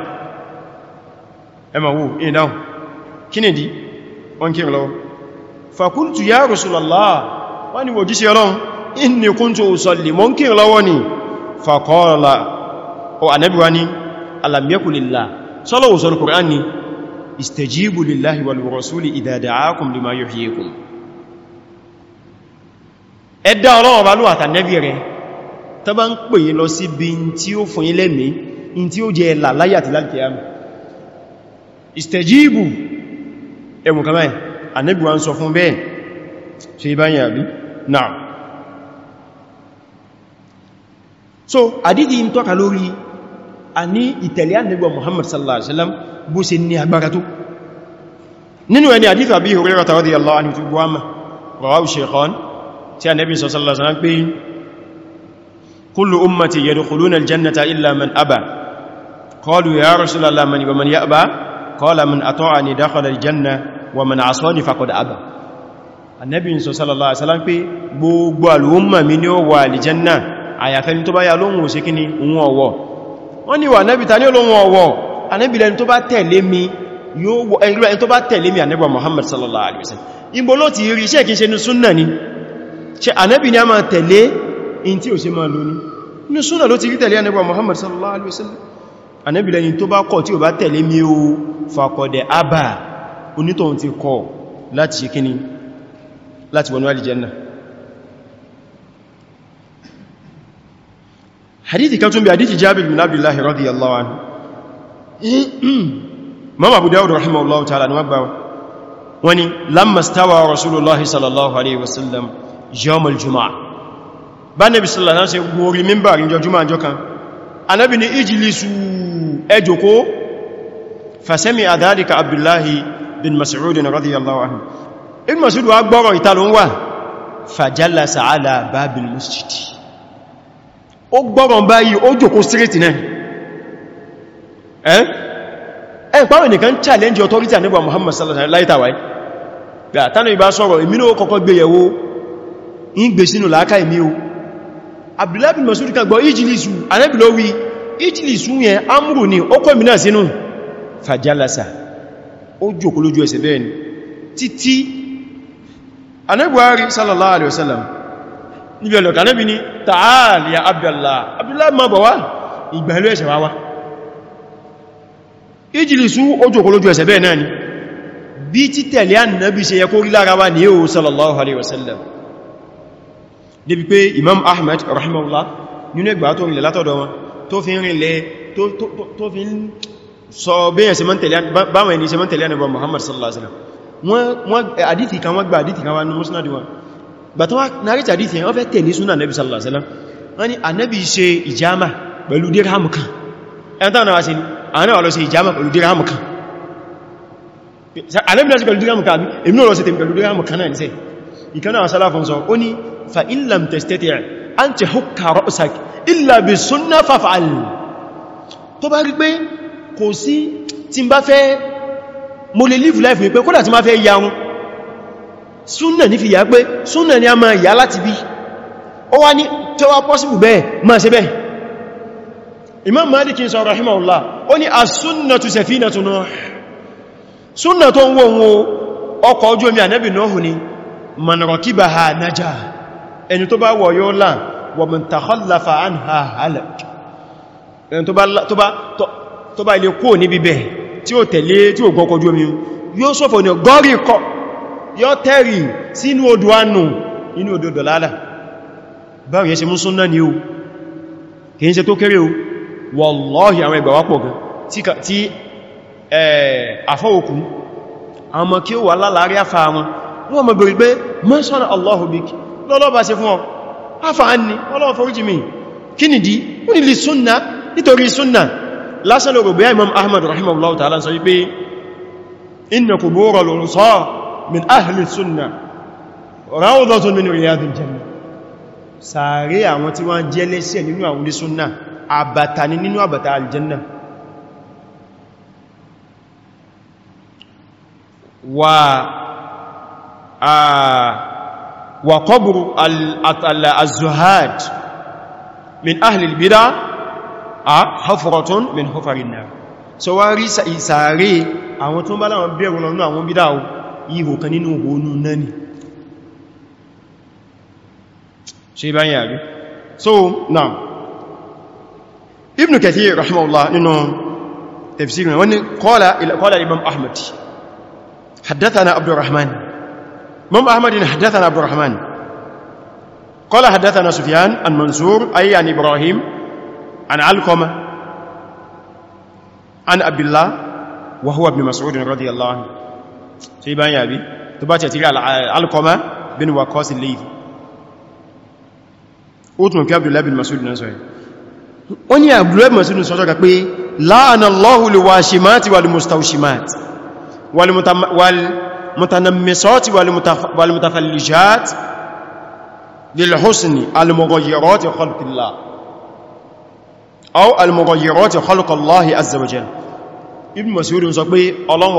S1: ẹmà wo ìdáhùn kí ni di wọ́n kírun lọ́wọ́ fakultu ya rasulullah wọ́n ni usalli mọ́ kírun lọ́wọ́ ni faqala o ànábì wá ní alam yakun lillah sọ́lọ́wọ́ ni istajibu lillahi wal rasuli idha da'akum lima yuhyikum ẹ̀dá ọlọ́run bá ló àtànẹ́bì rẹ̀ tó bá ń pè lọ sí bí n tí ó fún yín lẹ́mí in tí ó jẹ ẹ̀là láyé àti láti kìyàmù istajibu ẹmù kamáì ànẹ́bì wa ń sọ fún bẹ́ẹ̀ ṣe báyìí àbí náà so àdídì ń tọ́ka lórí a ní ìtẹ̀lé ànẹ́bì Muhammad sallallahu alaihi wasallam bó ṣe ní agbára tó nínú ẹni àdífà bí Hurairah radiyallahu anhu tó gbọ́mà rawahu shaykhan tí a nẹ́bí sallallahu alaihi wasallam pé kullu ummati yadkhuluna al-jannata illa man aba qalu ya rasulallah man wa man ya'ba anẹ́bìlẹ̀ ẹni tó bá tẹ̀lé mi yóò ẹni tó bá tẹ̀lé mi anẹ́bà Muhammad sallallahu alaihi wasallam ibo ló ti rí iṣẹ́ kí ṣe ní ni ṣe anẹ́bì a máa tẹ̀lé in tí ò ṣe máa lóní ní súnnà ló Muhammad sallallahu alaihi wasallam anẹ́bìlẹ̀ ẹni tó bá kọ̀ tí ò bá tẹ̀lé mi ó fàkọ̀dẹ̀ abà onítọ̀hún ti kọ̀ láti ṣe kíni láti wọnú alìjẹ́nà hadithi kan tún bí hadithi Jabir bin Abdullahi radiyallahu anhu mọ́mà abu dawud rahimahullahu ta'ala ni wagbawa wani lamma stawa rasulullahi sallallahu alaihi wasallam yawmal juma'a bá nabi sallallahu alaihi wasallam gori mimbarin jọ juma'a jọ kan anabi ni ijilisu ejoko fasemi adalika abdullahi bin mas'udin radiyallahu anhu in mas'ud wa gbọ́rọ̀ italon wa fajallasa ala babil masjidi ó gbọ́rọ̀ báyìí ó jókòó street náà ẹ̀ pàwọn nìkan challenge authority àníbà Muhammad sallallahu alaihi wasallam gbà tánà ìbá sọ̀rọ̀ èmi náà kọ́kọ́ gbéyẹ̀wó in gbé sínú láákà èmi o Abdullah bin Mas'ud kan gbọ́ ijilisu anẹ́bìlówí ijilisu yẹn amúrù ni ó kọ́ mìíràn sínú fajalasa ó jòkó lójú ẹsẹ̀ bẹ́ẹ̀ ni títí anẹ́bùwárí sallallahu alaihi wasallam níbi ọ̀lọ̀kanẹ́bì ni ta'al ya Abdullah Abdullah ma bọ̀ wá ìgbà ilé ẹ̀ṣẹ̀ wá ìjìlìsú ojú òkúlójú ẹsẹ̀ bẹ́ẹ̀ náà ni bí tí tẹ̀lé annabi ṣe yẹ kó rí lára wa ní o sallallahu alaihi wasallam níbi pé imam ahmad rahimahullah nínú ẹgbà tó rìnlẹ̀ látọ̀dọ̀ wọn tó fi rìnlẹ̀ tó fi sọ bẹ́ẹ̀ ṣe báwọn ẹni ṣe mọ́ tẹ̀lé annabi muhammad sallallahu alaihi wasallam wọ́n àdíthì àwọn ọ̀lọ́sí ìjámà pẹ̀lú dírámù kan alẹ́bìnrin pẹ̀lú dírámù kan èmi náà lọ́sí tèmi pẹ̀lú dírámù kan náà ní sẹ́ ìkaná àṣálà fún sọ ó ní fa illam testati an ti hukka rọ́sak illa bi sunna fafa'al tó bá rí pé kò sí tí n bá fẹ́ mo lè live life mi pé imam malik sọ rahimahullah ó ní as-sunnatu safinatu nuh súnnà tó ń wọ́n wo ọkọ̀ ojú omi ànábì Nuhu ni man rakibaha naja ẹni tó bá wọ̀ yóò là wa man takhallafa anha halak ẹni tó bá ilé kúò níbi bẹ̀ tí ó tẹ̀lé tí ó gbọ́kọ̀ ojú omi yóò sọ́fọ̀ ní gọ́rí kọ yóò tẹ́rì sínú odò anù inú odò dọ̀lálà báyìí ṣe mú súnnà ni ó kìí ṣe tó kéré o wallahi àwọn ìgbà wápọ̀ gan tí àfọ́òkú àmọ́ kí ó wà lálàárí afá wọn wọ́n mọ̀ bèèrè pé mọ́sánà Allahu biki lọ́lọ́bà ṣe fún ọ afá ní ọlọ́wọ́ foríjì mi kí ni dí ó nílì súnnà nítorí súnnà lásán lórí bí Imam Ahmad rahimahullahu ta'ala sọ wípé inna qubura al-ansar min ahli súnnà àwọn tí wọ́n jẹ́ lẹ́sẹ̀ nínú àwọn onísúnnà àbàtà ni nínú àbàtà aljanna wa a wa qabru al-zuhad min ahli al-bid'a a hafratun min hufarin nar so wa rí ìsàárè àwọn tó bá àwọn bídá ihò kan nínú òhònú náà ṣe báyìí àrí so now ibn kathir rahimahullah nínú tafsir ne woni qala ila qala imam ahmad hadathana haddathana abdurrahman imam ahmad hadathana haddathana abdurrahman qala hadathana sufyan an mansur ay an ibrahim an alqama an abdullah wa huwa ibn mas'ud radiyallahu anhu sai ban yabi tó bá ce tira alqama bin waqas al-layth utun tún abdullah bin mas'ud náà sọ́yẹ̀ ó ní àbúrẹ́mọ̀ sínú sọ́jọ́gà pé láàánà lọ́hùlù wa ṣìmáàtì wàlùmùtàṣìmáàtì wàlùmùtànàmìsọ́tì wàlùmùtàfàlìjáàtì lèlhúsìnì alìmọ̀gọ̀yẹ̀rọ̀tì kọlùkìlá au alìmọ̀gọ̀yẹ̀rọ̀tì kọlùkọ̀lọ́hì azẹ̀wẹ̀jẹ̀ Ibn Mas'ud Ọlọ́run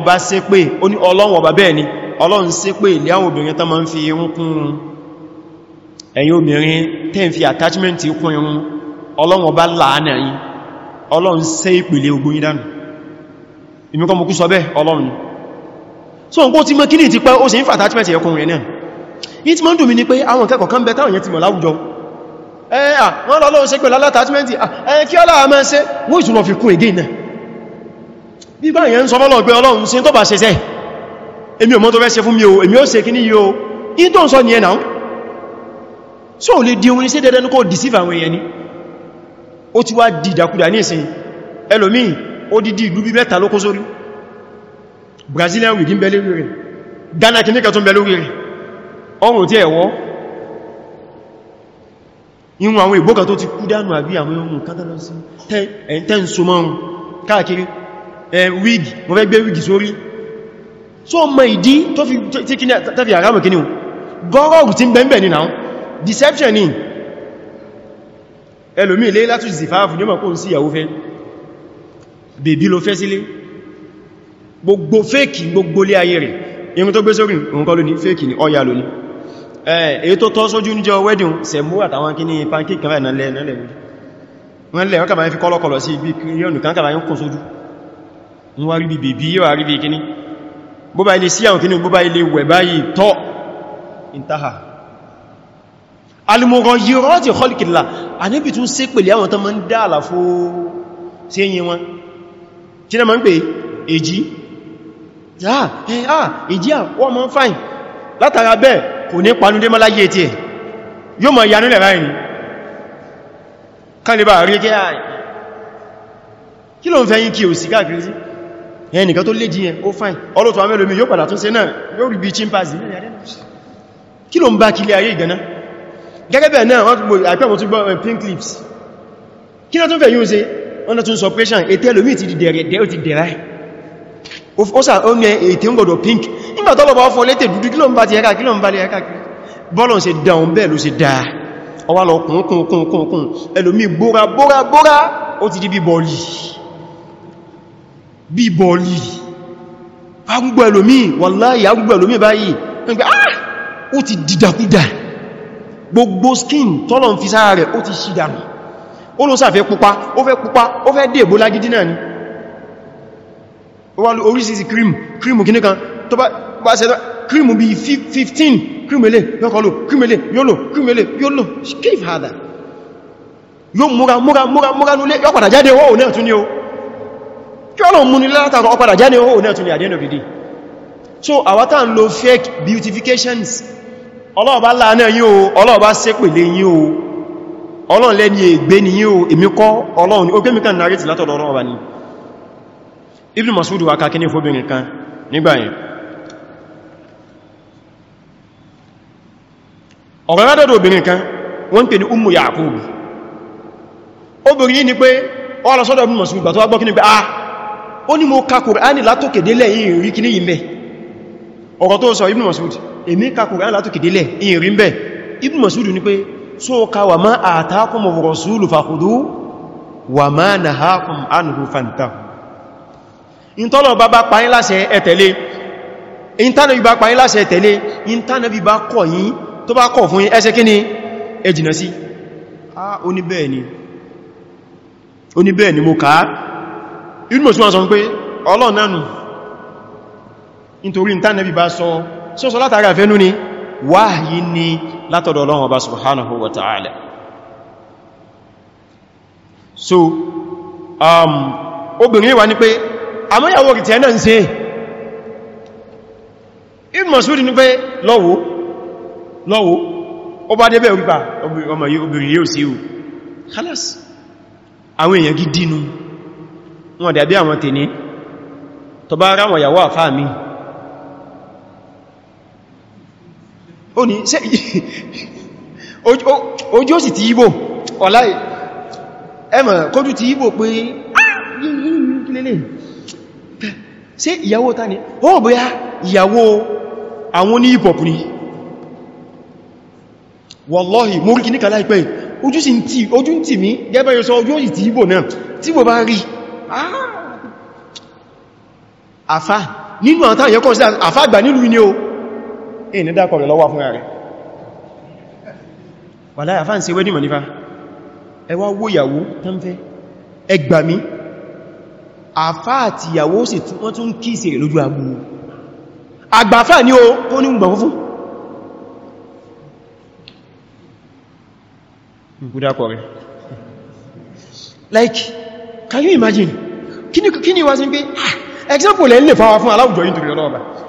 S1: ọba ṣépè ó ó ní Ọlọ́run ọba bẹ́ẹ̀ ni Ọlọ́run ṣépè ilé àwọn obìnrin tán máa ń fi irun kún un ẹ̀yin obìnrin tẹ́ ń fi attachment kún irun ọlọ́run ọba láàánà yìí ọlọ́run ṣe ìpìlẹ̀ ogun yìí dánù ìmúkọ́ mú kú sọ bẹ́ ọlọ́run so n kó ti mọ́ kí ní ti pẹ́ ó sì ń fà attachment ẹkùn rẹ̀ náà yìí ti mọ́ ń dùn mí ní pé àwọn kẹ́kọ̀ọ́ kan bẹ attachment ẹ̀yẹ kí ọlá àmọ́ ṣe wọ́n ìtùnà fi kún again náà bí bá yẹn ń sọ mọ́lọ̀ pé ọlọ́run ṣe tó bá ṣe ṣe èmi ò mọ́ tó fẹ́ ṣe fún mi so le lè di orin sí dẹ́dẹ́ ní kó deceive àwọn èèyàn ni ó ti wá di ìdàkudà ní ìsìn ẹlòmí ó dídí ìlú bí mẹ́ta ló kó sórí brazilian wig ń bẹ lórí rẹ̀ ghana kìníkà tó ń bẹ lórí rẹ̀ ọrùn tí ẹ̀wọ́ inú àwọn ìgbókà tó ti kú dánù àbí àwọn ohun kátàlọ́ sí ẹ̀ntẹ́n so márùn káàkiri wig wọ́n fẹ́ gbé wig sórí so mọ ìdí tó fi àrámù kìníhùn gọ́rọ̀gù ti ń bẹ̀m̀bẹ̀ ní náà deception ni ẹlòmí ilé látún zifáàfù ní ọmọ kó ń sí ìyàwó fẹ́ bèbí ló fẹ́ sílé gbogbo fẹ́ẹ̀kì gbogbo lé ayé rẹ̀ irun tó gbé sórí nǹkan lóní fẹ́ẹ̀kì ni ọya lóní èyí tó tọ́ sójú ní jẹ́ wedding sẹ̀mú àtàwọn kí ní pancake kan náà lẹ́ẹ̀lẹ́ wọ́n lẹ̀ wọ́n kàbáyé fi kọ́lọ́kọ́lọ́ sí ibi yọnù kan kàbáyé ń kún sójú ń wá rí bí bèbí yóò àrí bí kíní bó bá ilé sí àwọn kíní bó bá ilé wẹ̀ báyìí tọ́ ìntáhà al-mughayyirat khalqillah Ànábì tún ṣe pẹ̀lẹ́ àwọn tán ma ń dá àlàfo sí ẹ̀yìn wọn kí náà ma ń pè èjì èjì wọ́n ma ń fáìn látara bẹ́ẹ̀ kò ní panudé máláyé tí ẹ̀ yóò ma yanú lẹ̀ ráyìn kánibà rí kí ààrẹ kí ló ń fẹ́ yín kí o sì lè ayé ìgànná gẹ́gẹ́ bẹ̀ẹ̀ náà wọ́n àpẹ́ wọn tún gbọ́ um, pink lips kí náà tún fẹ̀ yíò ṣe wọ́n tún sọ pẹ́ṣàn ètè ẹlòmí ti dẹ̀rẹ̀ ó ti dẹ̀rẹ̀ ó sà ó ní pink nígbà tó bọ̀bọ̀ ọfọ́ létè dúdú kí ló ń bá ti ẹ̀kà kí ló ń bá lè ẹ̀kà bọ́lọ̀ ṣe dáun bẹ́ẹ̀ ló ṣe dáa ọwá lọ kùn kùn kùn kùn kùn ẹlòmí bóra bóra bóra ó ti di bí bọ́ọ̀lì ah! ó ti dìdàkúdà gbogbo skin tọ́lọ̀ ń fi sára rẹ̀ ó ti ṣí dànù ó ló sàfẹ́ pupa ó fẹ́ pupa ó fẹ́ dèbò lágídí náà ni ó wá ló orísìsì kírìmù kírìmù kìní kan tó bá ṣe kírìmù bí 15 kírìmù elé yọ́kọlò kírìmù elé yọ́lò kírìmù elé yọ́lò kíf hada yóò múra múra múra múra lólé yọ́padà jáde owó náà tún ní o kí ọlọ́ mú ní látàrọ ọpadà jáde owó náà tún ní àdénà bìdí so àwátà ń lo fake beautifications ọlọ́ọ̀bá láàánà yí o ọlọ́ọ̀bá sépèlé yí o ọlọ́ọ̀ lẹ́ni ègbé ni yí o èmi kọ́ ọlọ́ọ̀ ni ó gẹ́mí kan náà rí ti látọ̀dọ̀ ọlọ́ọ̀bá ni Ibn Mas'ud wà kákí fóbìnrin kan nígbàyìn ọ̀rọ̀ obìnrin kan wọ́n ọ̀rọ̀ tó sọ Ibn Mas'ud èmi ka Kùránì látòkè délẹ̀ ìrìn bẹ́ Ibn Mas'ud ní pé so ka wa ma atakumur rasulu fakhudhu wa ma nahakum anhu fantahu ìntọ́lọ̀ bá bá pàáyín láṣẹ ẹ tẹ̀lé ìntánàbí bá pàáyín láṣẹ ẹ ìntánàbí bá kọ̀ yín ah oníbẹ̀ẹ̀ni oníbẹ̀ẹ̀ni mo kàá Ibn Mas'ud nítorí ní tánàbí bá sọ sọ́sọ́ látara fẹ́nú ni wáyí ni látọ̀dọ̀ Ọlọ́run Ọba subhanahu wa ta'ala so um, obìnrin wa ní pé àmúyàwó rìtì ẹ̀nà ń ṣe Ibn Mas'ud ní pé lọ́wọ́ lọ́wọ́ ó bá débẹ̀ orípa obìnrin yóò sí àwọn èèyàn gidi nu wọn dàbí àwọn tèní tọba ara wọn yàwó àfáà mi ó ní ṣe ojú ó sì ti ibò ọ̀lá ẹmọ̀ kójú ti ibò pé ṣe ìyàwó ta ni ó bóyá ìyàwó àwọn ní hip-hop ni wallahi mo rí kìníkà láìpẹ́ ojú sí tí ojú tí mi gẹ́bẹ̀ yóò sọ ojú òyì tí ibò náà tí bò bá rí àfá nínú àwọn tàà yẹ́kọ́ sí àfá àgbà nílùú ni o èyí dákọ̀ rẹ̀ lọ́wọ́ fún ààrẹ wàlá àfá ń ṣe wedding mọ̀nífà ẹwà wó tán fẹ́ ẹgbà àfá àti ìyàwó sì wọ́n tún kí ìsẹ̀ lójú agbó àgbàfà ní o tó ní gbà fún like can you imagine kí ni wá sí pé ah, example ẹ̀ ń lè fáwa fún aláwùjọ yìí torí ọlọ́ọ̀bà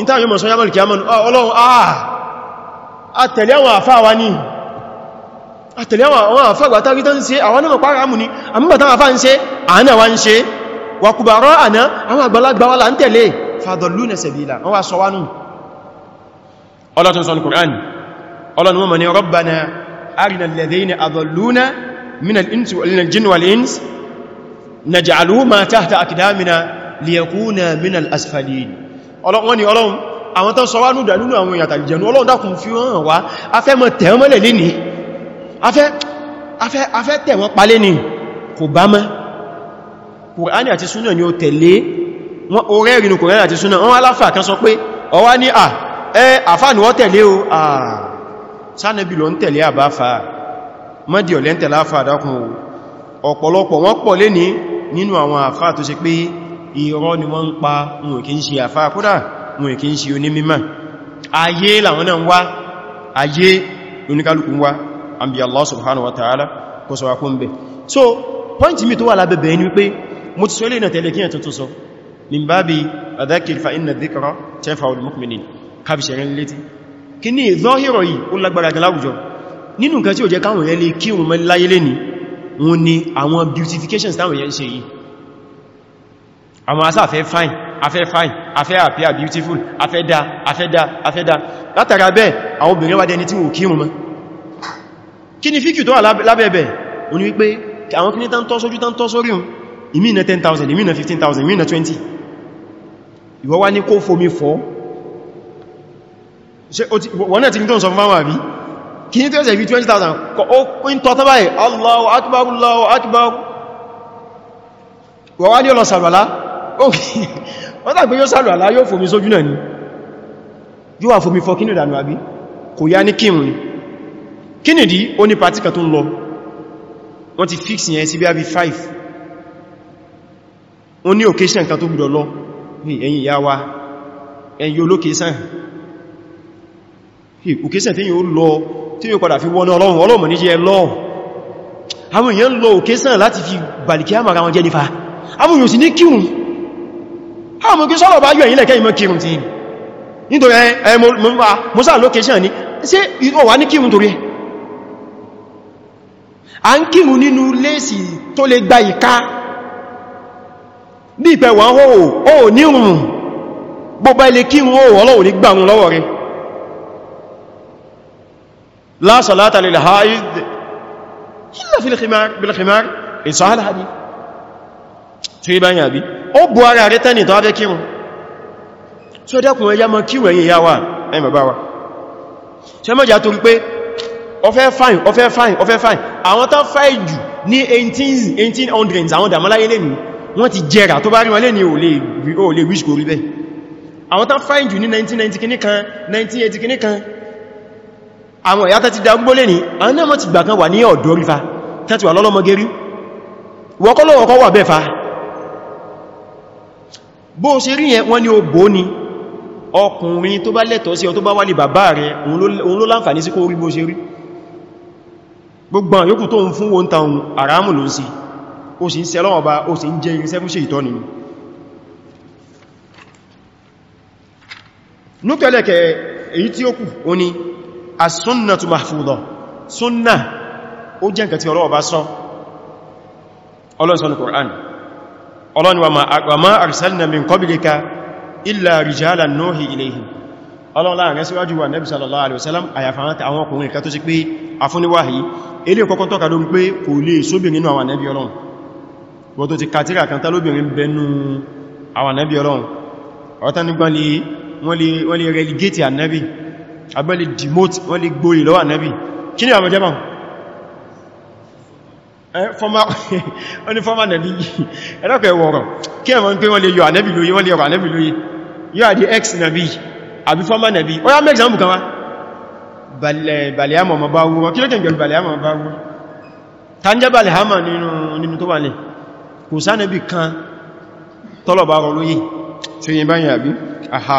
S1: ìtàwọn táwọn yọmọ̀ sọ́yámọ̀ kìyàmọ̀ ọlọ́run àà àtẹ̀lé àwọn àfáà wa ní àtẹ̀lé àwọn àfáà gbà tàbí tó ń àwọn náà pàrà mú ní àmúgbàtà àfáà ń ṣe àánà wa ń ṣe wa là ń tẹ̀lé liyakuna min al-asfalin wọ́n ni ọlọ́run àwọn tán sọ wá nù dà nínú àwọn ìyàtà ìjẹ̀nú ọlọ́run dákùn fi hàn wá afẹ́ mọ́ tẹ̀ wọ́n mọ́lẹ̀ lénìí afẹ́ tẹ̀ wọ́n palé ni kò bá mọ́ kùránì àti súnà ni ó tẹ̀lé wọ́n ó rẹ́rìn ní kùránì àti súnà wọ́n aláfà kan sọ pé ọwá ní à ẹ àfà ni wọ́n tẹ̀lé o àà sánàbí lọ ń tẹ̀lé àbáfà mọ́dí ọ̀lẹ́ntẹ̀láfà dákùn ọ̀pọ̀lọpọ̀ wọ́n pọ̀ lé ní nínú àwọn àfà tó ṣe irọ́ ni wọ́n ń pa wọn kì í ṣe àfáà kódà wọn kì í ṣe onímímọ̀ ayé làwọn náà wá ayé oníkálùkù wá àbí Allah subhanahu wa ta'ala kò so point mi tó wà lábẹ̀bẹ̀ ni wípé mo ti sọ ilé ìnàtẹ̀lẹ̀ kí ẹ̀tọ́ tó sọ min babi adhakir fa inna dhikra tanfa'ul mu'minin kábìṣẹ̀rin létí kí ní ìzọ́hìrọ̀ yìí ó lágbára gan nínú nǹkan tí ó jẹ́ káwọn yẹn lè kírun mọ́ láyé lé ní ni àwọn beautifications táwọn yẹn ṣe yìí àwọn asá fine afẹ́ fine afẹ́ appear beautiful afẹ́ dá afẹ́ dá afẹ́ dá látara bẹ́ẹ̀ àwọn obìnrin wá dẹni tí wò kírùn mọ́ kí ni fíkì tó wà lábẹ́ẹ̀bẹ̀ o ní wípé àwọn kí ní tán tọ́ sójú tán tọ́ sórí un ìmìnà 10,000 ìmìnà 15,000 ìmìnà 20 ìwọ wá ní kó fomi fọ́ wọ́n náà ti ní tó ń sọ fún fáwọn àbí kí ní tó ẹ̀sẹ̀ bí 20,000 ó pín tọ́ tọ́ báyìí Allahu akbar Allahu akbar wọ́n wá ní ọlọ́sàrọ̀lá wọ́n tàbí yóò sàlọ̀ àlá yóò fomi sójú náà ni yóò wà fomi fọ́kínú ìdànù àbí kò yá ní kírùn ní kínìdí ó ní pàtíkà tó ń lọ wọ́n ti fix yẹn sí bí i 5 ó ní occasion kan tó gbọ́dọ̀ lọ ní ẹ̀yìn ìyá wa ẹ̀yìn olókèsàn occasion tí yóò lọ tí yóò padà fi wọ́n ọlọ́run ọlọ́mọ̀ ní jẹ́ lọ àwọn èèyàn lọ occasion láti fi bàlìkí àmàrà wọn jẹ́ nífà àwọn èèyàn sì ní kírùn àwọn mú kí sọ́rọ̀ bá yọ ìyílẹ̀kẹ́ ìmọ̀ kírùn ti eh, eh, ní nítorí ẹ mọ́sá location ní ṣe ìwọ̀ wá ní kírùn torí a ń kírùn nínú lẹ́sì tó lè gba ìká bí ìpẹ̀ wọ́n ó ní rùn gbogbo ilẹ̀ kírùn ó ọlọ́wọ̀ ó bú ara rẹ̀ tẹ́nì tó á fẹ́ kírun so dẹ́kùn ẹjá mọ́ kírun ẹ̀yìn ìyá wa ẹ̀yìn bàbá wa ṣe mọ́já torí pé ọfẹ́ fine ọfẹ́ fine ọfẹ́ fine àwọn tó fẹ́ jù ní 1800s àwọn dàmọ́láyé lè ní wọ́n ti jẹrà tó bá rí wọn lè ní ò lè wish kò rí bẹ́ àwọn tó fẹ́ jù ní 1990 kìíní kan 1980 kìíní kan àwọn ìyá tó ti darúgbó lè ní àwọn náà mọ́ ti gbà kan wà ní ọ̀dọ́ rífa bó ṣe rí yẹn wọ́n ní ó bó ní ọkùnrin tó bá lẹ́tọ̀ọ́ sí ọ tó bá wálé bàbá rẹ̀ òun ló láǹfàní sí kó rí bó ṣe rí gbogbo àyókù tó ń fún wọn tàn àrámù ló ń sí ó sì ń ṣe lọ́wọ́ bá ó sì ń jẹ irinṣẹ́ fún ṣe ìtọ́ni núkẹ́lẹ̀kẹ́ èyí tí ó kù ó ní as-sunnatu mahfudha sunnah ọlọ́ni wa ma arsalna min qablika illa rijalan nuhi ilayhim ọlọ́run láàrin síwájú wa nẹ́bí sallallahu alaihi wasallam àyàfà àwọn ọkùnrin ká tó sí pé afúnníwáhìí ilé kọ́kọ́ tọ́ka ló ń pé kò lè sóbìnrin nínú àwọn nẹ́bí ọlọ́run wọ́n tó ti kàtírà kan tálóbìnrin bẹnu àwọn nẹ́bí ọlọ́run ọ̀tán kí ni àwọn jẹ́mọ̀ Eh, eh, wọ́n oh, ni fọ́mà nàbí ẹ̀lọ́pẹ̀ wọ̀rọ̀ kí ẹ̀mọ́ pé wọ́n lè yọ ànẹ́bì lóyí wọ́n lè yọ ànẹ́bì lóyí yóò àdí x nàbí àbí fọ́mà nàbí ó yá mẹ́ example kan wá bàlẹ̀hámà ọmọ bá wúrọ kí lókè gẹ̀rù bàlẹ̀hámà ọmọ bá wúrọ ta ń jẹ́ bàlẹ̀hámà nínú tó wà lẹ̀ kò sánẹ́bì kan tọ́lọ̀ bá rọ lóyè tí ó yẹ báyìí àbí àhà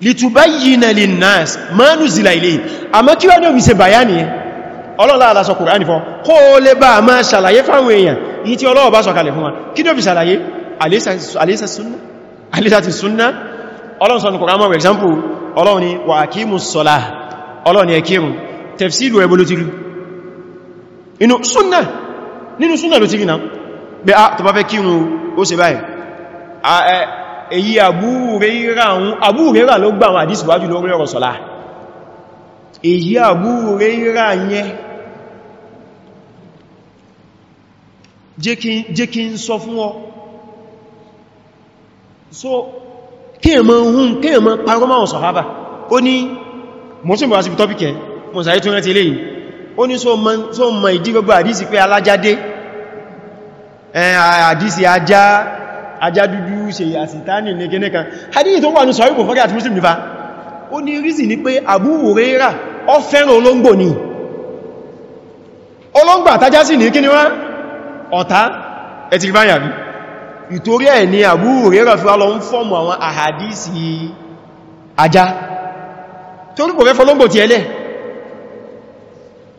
S1: litubayyina linnas ma nuzila ilayhi àmọ́ kí ni ní òbí ṣe bayani ọlọ́lá aláṣọ kùránì fún ba o lè bá máa ṣàlàyé fáwọn èèyàn yìí tí ọlọ́ọ̀bá sọ̀kalẹ̀ fún wa kí ní òbí ṣàlàyé alẹ́sà ti súnná ọlọ́run sọ ní kùránì for example ọlọ́run ni wa aqimus salah ọlọ́run ni ẹkírùn tafsiru ẹbọ ló ti rí inú súnná nínú súnná ló ti rí náà pé a ah, tó bá fẹ́ kírùn ó ṣe báyìí ah, èyí àbúrẹ́rà ló gbà àwọn àdísì wájú lórí ọ̀rọ̀ sọ̀lá èyí àbúrẹ́rà yẹn jẹ́ kí n sọ fún ọ so kíyànmọ́ hun kíyànmọ́ parọ́ máa sọ̀hábà ó ní mọ́sílùmọ́ sí tọ́pìkẹ́ mọ̀sáyé tún rántí léyìn ó ní so mọ̀ ìdí gbogbo àdísì pé alájádé àdísì ajá ajá dúdú ṣe àsìtáni ní kíní kan Hadithi tó wà ní sọ̀rọ̀ ìbòfọ́gá àti muslim nífà ó ní rízì ní pé Abu Huraira ó fẹ́ràn olóngbò ní olóngbò àtajá sí ní kíní wọ́n ọ̀tá ẹ̀tì báyàrí ìtorí ẹ̀ ni Abu Huraira fi wá lọ ń fọ́mù àwọn àhàdísì ajá tó ní kò fẹ́ fọ́lóngbò ti ẹlẹ́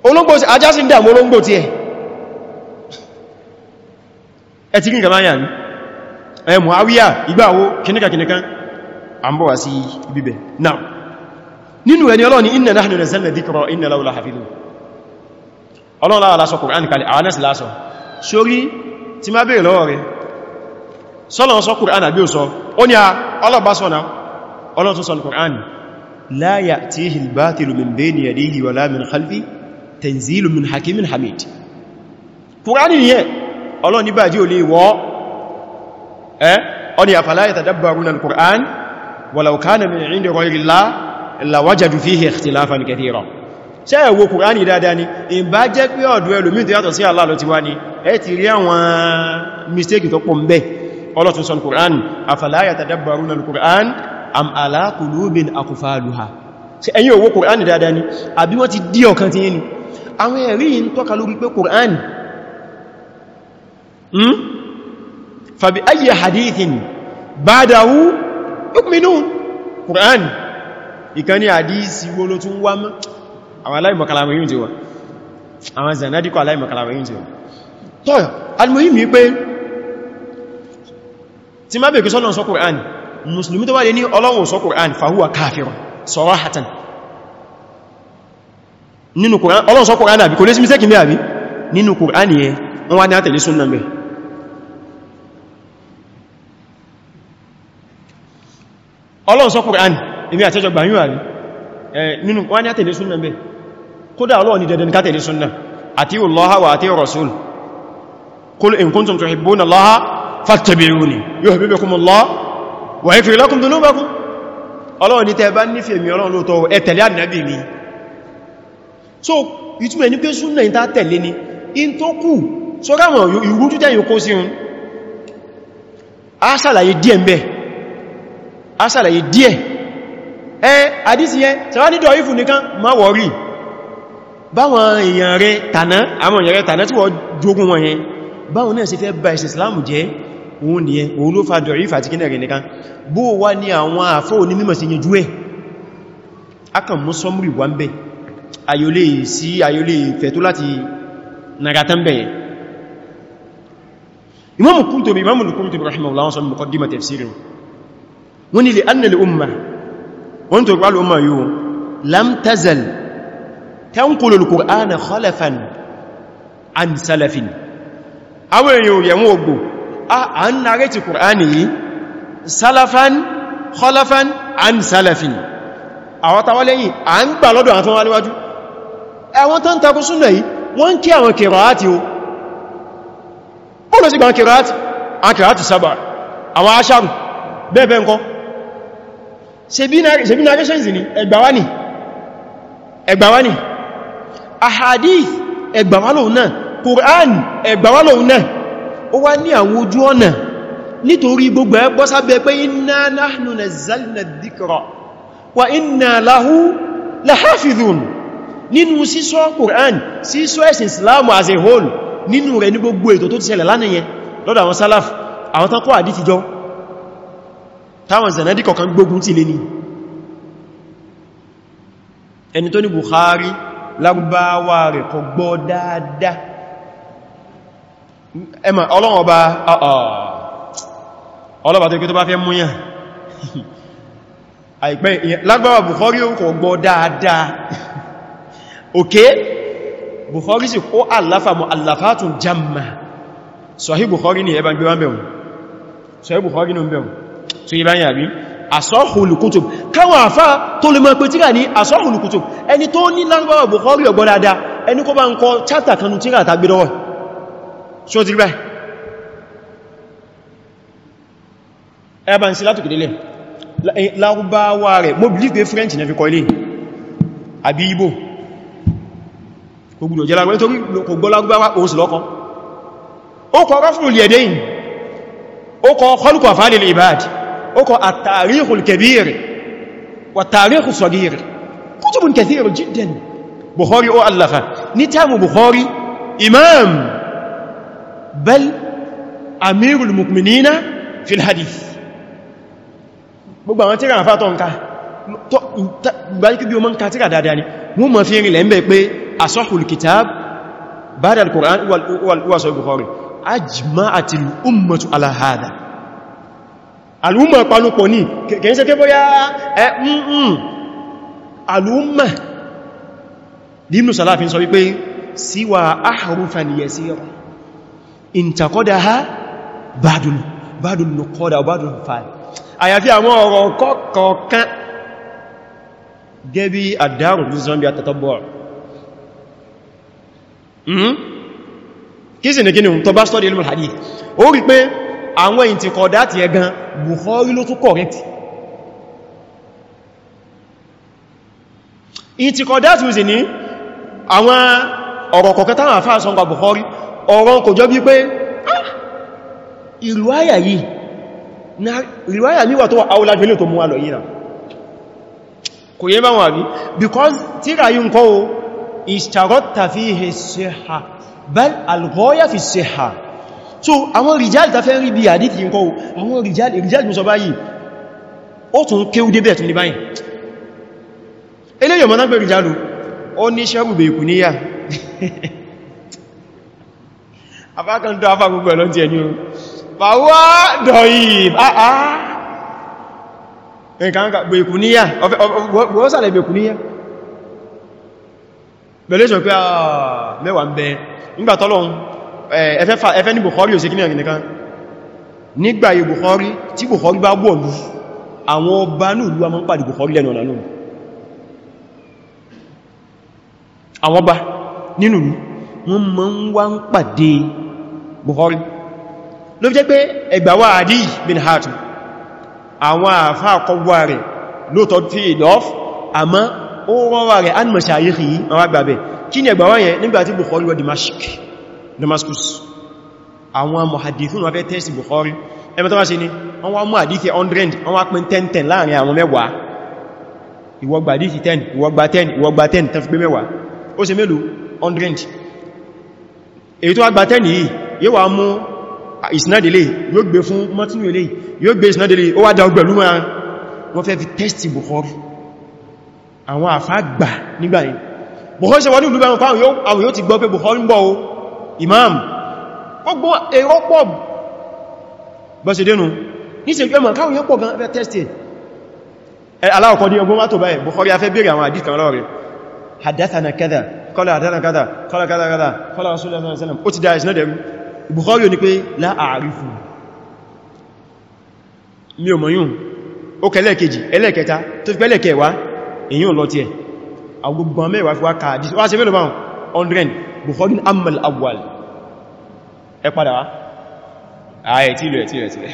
S1: olóngbò ajá sí ń dàmú olóngbò ti ẹ̀ ẹ̀tì kí nǹkan ẹ Muawiya ìgbàwo kìníkà kìníkan a ń bọ̀ wá sí ibibẹ̀ náà nínú ẹni ọlọ́ni inna nahnu nazzalna dhikra wa inna lahu lahafidhun ọlọ́run láwọ́ lásọ Kùránì kalẹ̀ àwọn nẹ́sì lásọ sórí tí má bèèrè lọ́wọ́ rẹ̀ sọ́lọ́n sọ Kùránì àbí òsọ ó ní a ọlọ́bá sọ náà ọlọ́run tún sọ Kùránì la ya'tihi al-batilu min bayni khalfi tanzilu min hakimin hamid Kùránì yẹ ọlọ́run ní bàjí ò lè wọ́ eh oni afala yatadabbaruna alquran walau kana min 'indi ghayrillah la wajadu fihi ikhtilafan katira ṣé ẹ wo qur'ani dáadáa ni in bá jẹ́ pé ọ̀dọ̀ ẹlòmíì tó yàtọ̀ sí Allah ló ti wá ni ẹ ti rí àwọn mistake tó pọ̀ ńbẹ̀ olo son qur'an afala yatadabbaruna alquran am ala qulubin aqfaluha ṣé ẹ̀yin wo qur'ani dáadáa ni àbí wọ́n ti dí ọkàn tin ni àwọn ẹ̀rí ń tọ́ka lórí pé qur'an hmm fàbí ayi hadithin ba'dahu yu'minun Qur'an ìkànnì hadisi wo ló tún wá mọ́ àwọn aláìmọ̀kàlàmù yìí jẹ́ wa àwọn zanadikọ̀ aláìmọ̀kàlàmù yìí jẹ́ wa tọ́yọ̀ almuhim yìí pé tí má bèèrè sọ́lọ́n sọ Qur'an musulmi tó wà lè ní Ọlọ́run sọ Qur'an fahuwa kafirun sarahatan nínú ọlọ́run sọ Kùránì èmi àtẹ́jọ gbàyún àrí nínú wọ́n ní àtẹ̀lé súnnà bẹ́ kódà ọlọ́run ni dandan kátẹ̀lé súnnà àti Allaha wa àti rasul qul in kuntum tuhibbuna Allaha fattabi'uni yuhbibkumullah wa yaghfir lakum dhunubakum ọlọ́run tẹ̀lé súnnà ìta tẹ̀lé ni in kó sí un asàlàyé díẹ̀ ẹ àdísì yẹn tẹ́wàá ní dọ̀ífù nìkan má wọ̀rí báwọn èèyàn rẹ̀ tàná àwọn èèyàn rẹ̀ tàná tí wọ́n jogun wọn yẹn báwọn náà sì fẹ́ bà ìsìn Islam jẹ́ òun ni ẹ òun ló fa dọ̀ífù àti kínà rẹ̀ nìkan bó wá ní àwọn àfọ́ òní mímọ̀ sí yẹjú ẹ̀ akàn mú sọmúrì wá ń bẹ̀ ayolé sí ayolé fẹ̀ tó tafsirin wọ́n ni lè annàlè umma wọ́n tó rọ́lù umma yíò lamtazal tankulul kùránà khalafan an salafin àwọn èèyàn yẹ̀wọ̀n ogbò a ń narẹ́ ti kùránì yìí salafan khalafan an salafin àwọn tawalẹ́yìn a ń gbà lọ́dọ̀ àwọn tó wá níwájú àwọn tó ń takú súnà yìí wọ́n bẹ́ẹ̀bẹ́ nǹkan ṣebí narrations ni ẹgbàwá ni ẹgbàwá ni ahadith ẹgbàwá lòun náà Qur'an ẹgbàwá lòun náà ó wá ní àwọn ojú ọ̀nà nítorí gbogbo ẹ bọ́ sábẹ́ pé inna nahnu nazzalna dhikra wa inna lahu lahafidhun nínú sísọ Qur'an sísọ ẹ̀sìn Islam as a táwọn zanadi kọ̀kan gbógun ti lè ní ẹni tó ní Bukhari lárúbáwà rẹ̀ kọ gbọ́ dáadáa ẹmà ọlọ́wọ́ bá uh-uh. ọlọ́bà tó kí tó bá fẹ́ múyàn àìpẹ́ lágbàwà Bukhari ó kọ gbọ́ dáadáa òkè Bukhari sì kó àlàfà mọ̀ àlàfà tún jamma Sahih Bukhari ni ẹbà gbé wá Bukhari ni so yíba yàbí asọ́hùlù kútùb káwọn àfá tó lè mọ́ pé tíra ní asọ́hùlù kútùb ẹni tó ní lárúbáwà Bukhari ọgbọ́ dáadáa ẹni kó bá ń kọ chátà kanú tíra àtàgbédọ́wọ́ so ti rí ẹbà ń sí látò kìdílẹ̀ lárúbáwà mo believe French na fi kọ ilé àbí Igbo gbogbo jẹ́ lárúbáwà nítorí kò gbọ́ lárúbáwà òun sì lọ́kọ́ ó kọ rọ́fùlù lẹ́dẹ́yìn ìbáàdì وكو التاريخ الكبير والتاريخ الصغير كتب كثير جدا بخاري او الله نتام بخاري امام بل امير المؤمنين في الحديث بغبان تيغان فاتونكا بل كبيو من كاتيغا داداني مو ما فيرين لين بي اصح الكتاب بعد القران والاصح البخاري اجمعت الامه على هذا alúmọ̀ palopọ̀ ní kìí ṣe kí bóyá ẹ mún alúmọ̀ nínú sàláfin sọ wípé síwà ahrufan yasira intaqadaha bádùn bádùn nukọ́dà bádùn fàí àyàfi àwọn ọ̀rọ̀ kọ́kọ̀ọ̀kan gẹ́bí àdárùn ní zambi àtàtàbọ̀ hmm? kí sì ní kí ni tó bá study ilmul hadith ó rí pé àwọn èyí ti kọ̀dá ti ẹgan Bukhari ló tún correct èyí ti kọ̀dá ti wùsì ní àwọn ọ̀rọ̀ kọ̀kẹ́ táwọn àfáà sọ́ngbà Bukhari ọ̀rọ̀ kò jọ bí pé ìlú ah, àyà yìí ìlú àyà níwà tó wà áwùlájúlé tó mú because tí ràyí ń kọ́ o ìṣàrọ́ta fi hẹ̀ síhà bal alghaya so àwọn rijal ta fẹ́ rí bí àdíkì ń kọ́ àwọn rijal rijal mú sọ báyìí ó tún kéwú débẹ̀ tún ní báyìí eléyọ̀ mọ́ná pẹ̀ rijalu ó ní ṣẹ́bùbẹ̀ ìkù níyà afákan tó afá gbogbo ẹ̀lọ́n ti ẹni o fàwọ́ dọ̀yìí àà nǹkan gbẹ̀ ìkù níyà wọ́n sàlẹ̀ gbẹ̀ ìkù níyà bẹ̀lẹ́ṣọ̀ pé àà ah, mẹ́wàá ń bẹ nígbàtọ́lọ́run ẹfẹ́ ní Bukhari ò sí kí ní ọ̀rìn nìkan nígbàyè Bukhari tí Bukhari bá wọ̀lú àwọn ọba ní ìlú àmọ́ pàdé Bukhari lẹ́nu ọ̀nà náà àwọn ọba nínú wọn mọ́ ń wá ń pàdé Bukhari ló jẹ́ pé ẹgbàwà Adi bin Hatim àwọn àfá àkọwà rẹ̀ lóòtọ́ fi ìdọ́f àmọ́ ó rọ́wà rẹ̀ an mashayikhi àwọn àgbàbẹ̀ kí ni ẹgbàwà yẹn nígbàtí Bukhari wọ Dimashq Damascus àwọn mohadithun wọ́n fẹ́ tẹ́sì Bukhari ẹmẹ́ta wá sí ni wọ́n wá mú àdíkì 100 wọ́n wá pín 10-10 láàrin àwọn mẹ́wàá ìwọ̀gbà àdíkì 10 ìwọ̀gbà 10 ìwọ̀gbà 10 tán fi pé mẹ́wàá ó ṣe mélòó 100 èyí tó wá gba 10 yìí yóò wá mú ìsinádìlé yóò gbé fún mọ́tínú ilé yóò gbé ìsinádìlé ó wá da ọgbẹ̀lú wọn fẹ́ fi tẹ́sì Bukhari àwọn àfá gbà nígbà yìí Bukhari ṣe wọ́n ní ìlú bẹ̀rún fáwọn yóò ti gbọ́ pé Bukhari ń bọ̀ o imam gbogbo èrò pọ̀ bọ́sẹ̀ dénú nísìn pé mọ̀ káwọn yẹn pọ̀ gan fẹ́ tẹ́stì ẹ̀ aláwọ̀kọ́ ní ọgbọ́n mátò báyìí Bukhari afẹ́ bèèrè àwọn hadith kan lọ́rẹ̀ hadathana kadha qala hadathana kadha qala kada, kadha qala rasulullah sallallahu alaihi wasallam ó ti dá la a'rifu mi ò mọ̀yún ó kẹ lẹ́ẹ̀kejì ẹlẹ́ẹ̀kẹta tó fi pẹ́lẹ̀kẹwàá èyí ò lọ tí ẹ̀ bukhari amal awwal ẹ padà wá ààyè tí ilẹ̀ tí ilẹ̀ tí ilẹ̀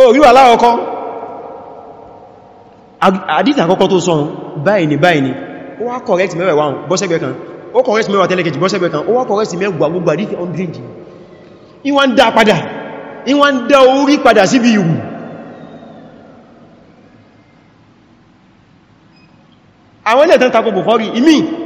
S1: o ríwà láàkọ́ àdíta àkọ́kọ́ tó sọ́run báyìí ni báyìí ni ó wá correct mẹ́wàá wọn bọ́sẹ̀gbẹ̀ kan ó correct mẹ́wàá tẹ́lẹ̀kejì bọ́sẹ̀gbẹ̀ kan ó wá correct mẹ́wàá gbogbo àdíta 100 ìwọ́n dá padà ìwọ́n dá orí padà síbi ìwù àwọn ilẹ̀ tán takò bukhari imi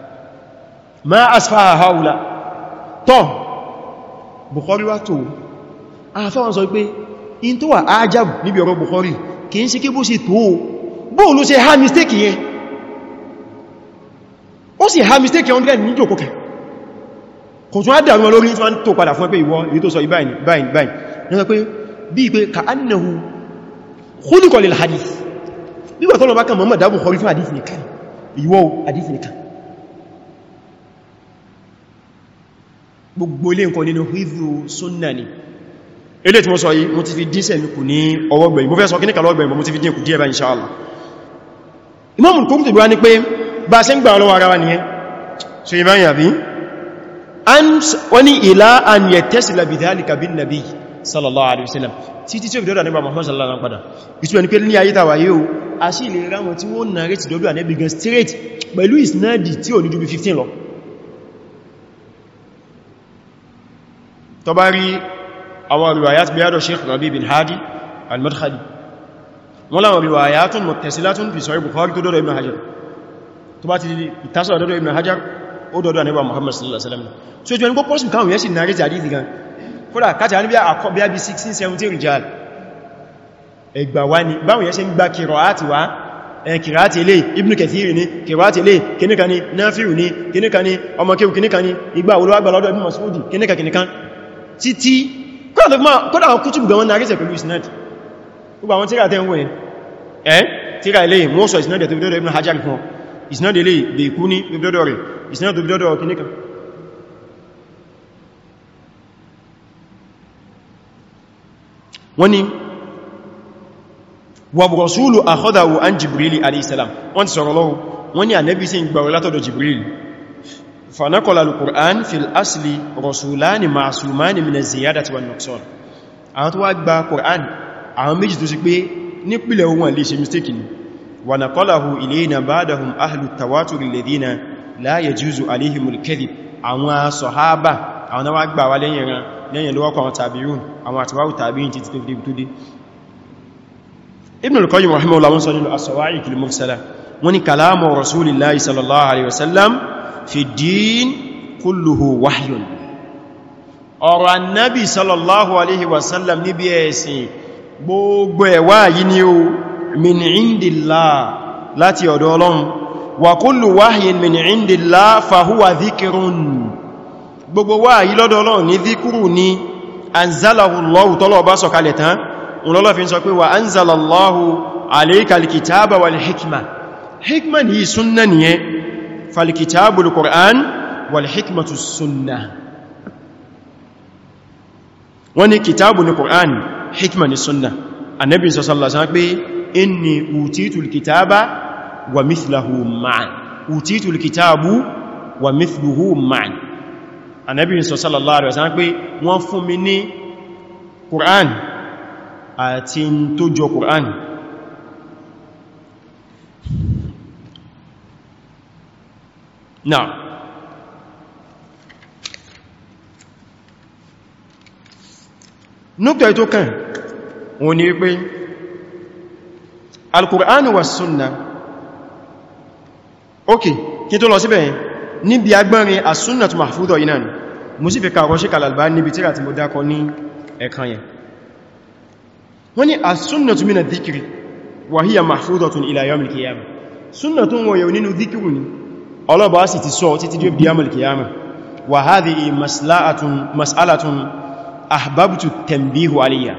S1: ma asfaha haula tọ́ bukhari wá tó afẹ́wọ́n sọ pé in tó wà ájábù níbi ọ̀rọ̀ bukhari kì í sí kí bó sì tó bóò ló ṣe ha mistake yẹn ó sì ha mistake 100 ní jòkókẹ̀ kò tún á dàrú olórin tí wọ́n tó padà fún pé ìwọ èyí tó sọ ìbáyìn báyìn báyìn nígbà pé bí pé ka annahu khuliqa lil hadith bí wà tọ́lọ bá kan mọ́mọ̀ dábù bukhari fún hadith nìkan ìwọ hadith nìkan gbogbo ilé nǹkan nínú hìzù súnnà ni ilé tí mo sọ yìí mo ti fi díṣẹ̀ mi kù ní ọwọ́gbẹ̀ mo fẹ́ sọ kíníkà lọ́gbẹ̀ mo ti fi dín kù díẹ̀ bá insha Allah Imam Qurtubi wá ní pé bá ṣe ń gbà ọlọ́wọ́ ara wa nìyẹn so ìbá yà bí wọ́n ni ìlà an yattasila bidhalika bin nabi sallallahu alaihi wasallam títí tí ó fi dọ́dọ̀ nígbà Muhammad sallallahu alaihi wasallam ìtumẹ̀ ní pé ní ayé tàwà yíò a sì lè ráwọn tí wọ́n narrate dọ́dọ̀ ànẹ́bìgan 15 lọ tó bá rí àwọn riwayat bí yàdọ̀ sheikh rabi bin hadi al-madkhali wọ́n láwọn riwayatun muttasilatun fi sahih bukhari tó dọ́dọ̀ ibn hajar tó bá ti ìtásọ̀ dọ́dọ̀ ibn hajar ó dọ́dọ̀ àníbà muhammad sallallahu alaihi wasallam so ìjọ ni gbọ́ pọ́sùn káwọn yẹ́sì náà rí jàdí ìdígan kódà káàkiri àníbí àkọ́ bí i 1670 rijal ẹgbà wá ní báwọn yẹ́sì ń gba kìrọ̀átì wá kìrọ̀átì ilé ibn kathir ni kìrọ̀átì ilé kìníkan títí kọ́dà àwọn kútùbù gan wọ́n náà ríṣẹ̀ pẹ̀lú isnad gbogbo àwọn tíra tẹ́wọ́ ẹ̀ ẹ́ tíra ilé wọ́n sọ isnad tó bidọ́dọ̀ Ibn Hajar kan isnad ilé bèèkú ní bidọ́dọ̀ rẹ̀ isnad tó bidọ́dọ̀ kìníkan wọ́n ni wa rasulu akhadahu an Jibril alayhi salam wọ́n ti sọ̀rọ̀ lọ́wọ́ wọ́n ni ànẹ́bí sí ìgbàwọ̀ látọ̀dọ̀ Jibril فنقل القرآن في الأصل رسولان معصومان من الزيادة والنقصان àwọn tó wá gba Qur'an àwọn méjì tó sì pé nípìlẹ̀ wọn lè ṣe mistake ni wa naqalahu ilayna ba'dahum ahlu tawatur alladhina la yajuzu alayhim al-kadhib àwọn sahaba àwọn náà wá gbà wá lẹ́yìn ran lẹ́yìn lọ́wọ́ kan tabi'un àwọn atba'u tabi'in títí tó fi tó dé Ibn al-Qayyim rahimahullah wọn sọ nínú as-sawa'iq al-mufsala wọ́n ní kalamu rasulillahi sallallahu alaihi wasallam fi dín kulluhu wahyun ọ̀rọ̀ annabi sallallahu alaihi wasallam níbi ẹ̀sìn gbogbo ẹ̀wà yìí ni o min indillah láti ọ̀dọ̀ Ọlọ́run wa kullu wahyin min indillah fahuwa dhikrun gbogbo wà yìí lọ́dọ̀ Ọlọ́run ní dhikru ni anzalahu Allahu tọ́lọ̀ bá sọ̀kalẹ̀ tán Ọlọ́run فالكتاب القرآن والحكمة السنة وني كتاب القرآن حكمة السنة النبي صلى الله عليه وسلم قال إني أوتيت الكتاب ومثله معا أوتيت الكتاب ومثله معا النبي صلى الله عليه وسلم قال وفمني قرآن أتنتج قرآن náà núkta ètò kan wọ́n ní wípé al-Qur'an wa sunna ok kí tó lọ síbẹ̀ yẹn níbi agbọ́nrin as-sunnatu mahfudha yìí náà mo sì fi kàrọ sí kàlàlbá níbi tíra tí mo dákọ ní ẹ̀kan yẹn wọ́n ní as-sunnatu mina dhikri wa hiya mahfudhatun ila yawmil qiyamah sunnatun wọ̀nyẹ̀ nínú dhikri ni ọlọ́bàá sì ti sọ títí di obìdíyàmù kìyàmù wà hadhihi mas'alatun ahbabtu tanbihu aliyya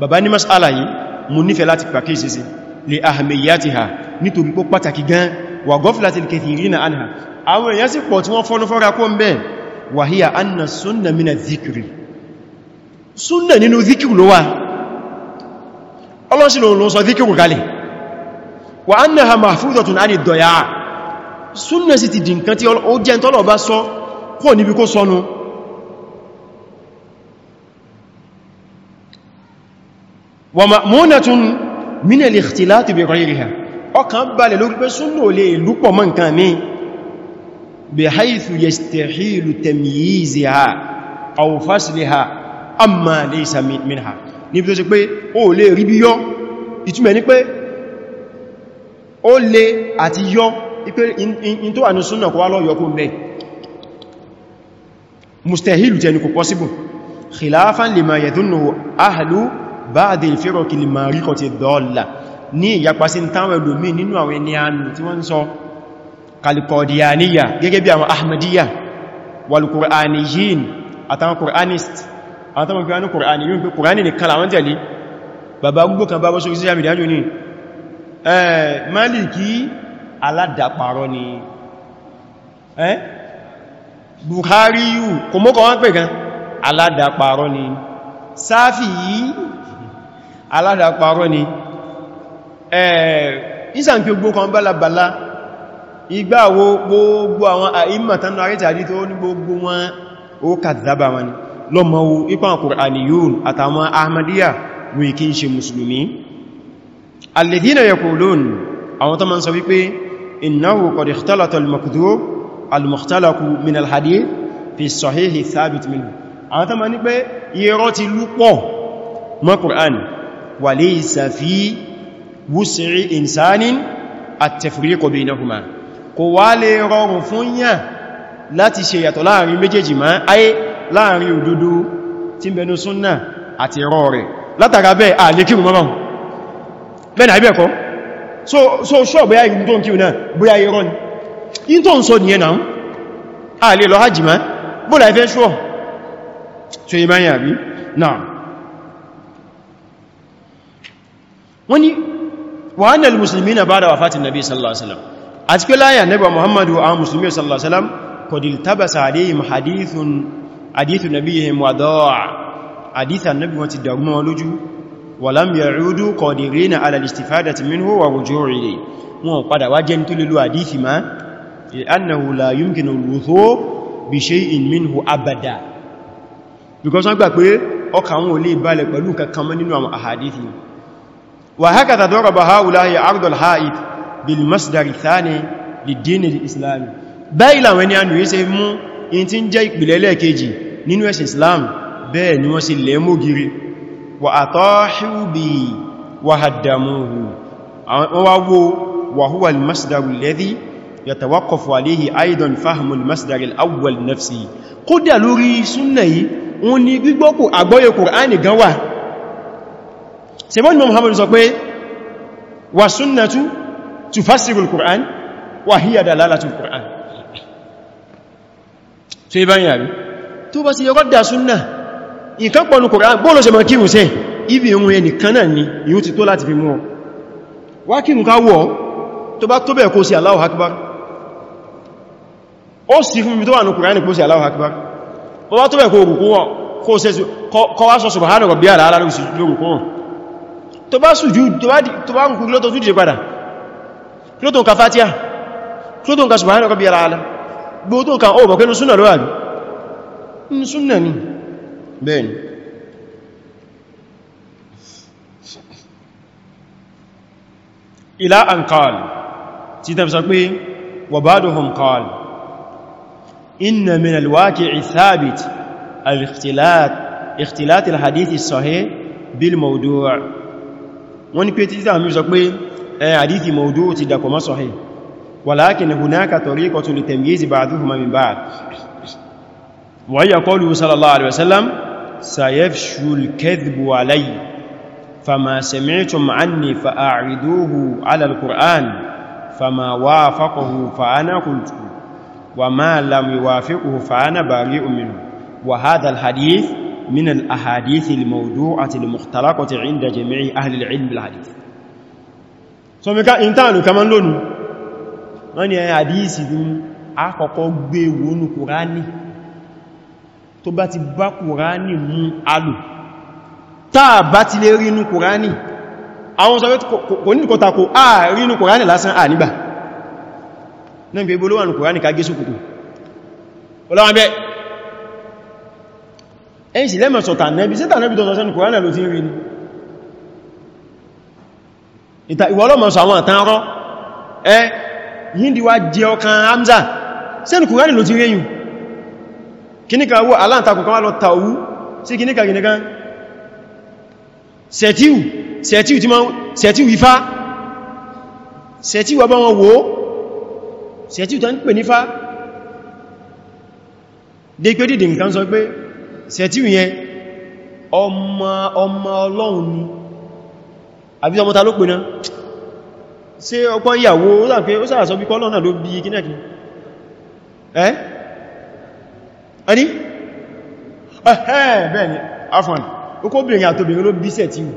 S1: bàbá ní mas'ala yìí mú nífẹ́ láti pàkíyèsí sí li ahamiyyatiha nítorí pó pàtàkì gan wà ghaflatil kathirina anha àwọn èèyàn sì pọ̀ tí wọ́n fọ́nú fọ́ra kó ń bẹ́ wa hiya anna sunna mina zikiri sunna nínú zikiri ló wà ọlọ́sìn ló annaha mahfuzatun ani dọ̀yà súnnà sì ti di nǹkan tí ó jẹ́ tọ́lọ̀ bá sọ kò níbi kó sọnù wa ma'munatun min al-ikhtilati bi ghayriha ọkàn balẹ̀ lórí pé súnnà ò lè lúpọ̀ mọ́ nǹkan ní bihaythu yastahilu tamyiziha aw fasliha amma laysa minha níbi tó ṣe pé ó lè rí bí yọ ìtumẹ̀ ní pé ó lè àti yọ ipé in tó wà ní súnà kọwà lọ yọkún bẹ́ mustahilu jẹ́ ni kò possible khilafan lima máa yẹ̀dúnnù ahàlú báadé ìfẹ́rọ̀kì lè máa ríkọ̀ ti dọ́ọ̀lá ní ìyapa sí táwọn ẹlòmí nínú àwọn ẹni àánú tí wọ́n sọ kalikọ̀díyàníyà gẹ́gẹ́ bí àwọn ahmadiyya walkur'aniyin àtàwọn kur'anist àtàwọn kur'ani kur'ani yìí pé kur'ani ni kala wọ́n tẹ̀lé bàbá gbogbo kan bá bọ́ sórí sí àmì ìdájò ní maliki aládàparọ́ ni ẹ́ Bukhari yìí kò mọ́kọ̀ wọ́n pè gan aládàparọ́ ni sáfì yìí aládàparọ́ ni ẹ̀ ìsàn kí gbogbo kan bálabàlá ìgbàwo gbogbo àwọn àìmọ̀tánú àrítàdí tó ní gbogbo wọn ó kàzàbà wọn lọ́mọ̀wó ipa Kùránìyùn àtàwọn Ahmadiyya wọ́n kí ń ṣe Mùsùlùmí alladhina yaqulun àwọn tó ma ń sọ wípé إنه قد اختلط المكذوب المختلق من الحديث في الصحيح الثابت منه àwọn tán ma ní pé irọ́ ti lú pọ̀ mọ́ Qur'an walaysa fi wus'i insanin at-tafriqu baynahuma kò wá lè rọrùn fún yàn láti ṣe yàtọ̀ láàrin méjèèjì má ayé láàrin òdodo tí bẹnu súnnà àti irọ́ rẹ̀ látara bẹ́ẹ̀ àlékí so so sure bóyá ìrùn tó ń kíù náà You irọ́ ni yí tó ń sọ nìyẹn náà a lè lọ hajjì máa bó láì fẹ́ sure so yí báyìí àbí náà wọ́n ni wa anna al-muslimina ba'da wafati nabi sallallahu alaihi wasallam àti pé láyà nabi muhammadu a musulmi sallallahu alaihi wasallam qadil tabasa alayhim hadithun hadithu nabiyihim wa da'a hadithan nabi wọn ti walam ya'udu qadirina ala al-istifadati minhu wa wujuhi wọn padà wá jẹ́ ní tó lè lo hadithi ma annahu la yumkinu al-wuthu bi shay'in minhu abada because wọ́n gbà pé ọkàn wọn ò lè balẹ̀ pẹ̀lú kankan mọ́ nínú àwọn ahadithi wa hakadha daraba ha'ula'i ardal ha'id bil masdar thani lid-din wà àtọ́ṣùbì wà hàdàmùhù wọ́n wá wó wà húwà al-masdaru alladhi yatawaqqafu alayhi aidan fahmu al-masdar al-awwal nafsi kódà lórí súnnà yìí wọ́n ni gbígbọ́kù àgbọ́yẹ̀ kùránì gan wà sẹ́bọ́n Muhammad sọ tó bá sí yọ́gọ́dà súnnà ìkan pọ̀lú kòrán bóòlò ṣe mọ̀ kírùn sẹ́ ibi ohun ẹni kan náà ni yíò ti tó láti fi mú ọ wá kírùn ká wọ́ tó bá tó bẹ̀ kó sí Allahu Akbar ó sì fún ibi tó wà ní kòrán kó sí Allahu Akbar bó bá tó bẹ̀ kó rùkú wọ́ kó sẹ́sù kọ wá sọ subhana rabbiyal a'la lórùkú wọn tó bá ni bẹ́ẹ̀ni ilá an kààlù tí ta fi sọ pé wà bá dùhùn kààlù inna min alwaki ìthabit al-ikhtilat al-hadithi sahih bil mawdu' wọ́n ni pé tí ta mi sọ pé ẹ hadithi mawdu' ti dàkọ̀ mọ́ sahih walakin hunaka tariqatu li tamyiz ba'dihima min ba'd wa hiya qawluhu sallallahu alaihi wasallam سيفشو الكذب علي فما سمعتم عني فأعرضوه على القرآن فما وافقه فأنا قلت وما لم يوافقه فأنا بريء منه وهذا الحديث من الأحاديث الموضوعة المختلقة عند جميع أهل العلم الحديث so mi ka intanu kaman lonu wọ́n ni hadisi dun àkọ́kọ́ gbé wonu Qur'ani tó bá ti bá kùránì mú alù táà bá ti lè rí inú kùránì àwọn sọ pé kò ní kòtàkò à rí inú kùránì lásán à nígbà náà gbé ibò lówànù kùránì ká gésù kùkù ọlọ́wọ́n bẹ́ ẹ̀yìn sí lẹ́mọ̀ sọ̀tà nẹ́bí kíníkà wọ́ aláǹtakùn kan wá lọ tàwú sí kíníkà kíníkà sẹ̀tíù sẹ̀tíù tí ma ń sẹ̀tíù ifá sẹ̀tíù ọba wọn wò sẹ̀tíù tán pè nífá dé pé dìdì nǹkan sọ pé sẹ̀tíù yẹn ọmọ ọmọ ọlọ́run ni àbí ọmọ ta ló pè náà ṣe ọpọ́ ìyàwó ó sà ẹni ẹ̀ẹ́ bẹ́ẹ̀ ni afọn okóbìnrin àtòbìnrin ló bí sẹ̀tí wù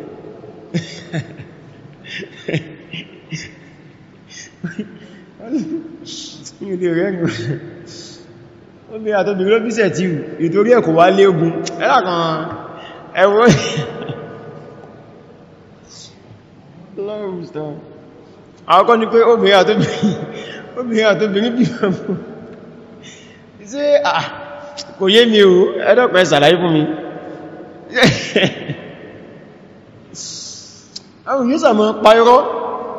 S1: obìnrin àtòbìnrin ló bí sẹ̀tí wù ìtorí ẹ̀kọ́ wá léegun ẹlákan ẹwọ́ àkọ́ ni pé obìnrin àtòbìnrin bí ọmọ ṣe àà ah, kò yé mi o ẹ́dọ̀pẹ́ sàlàyé fún mi àwọn yóò sàmọ́ pàírọ́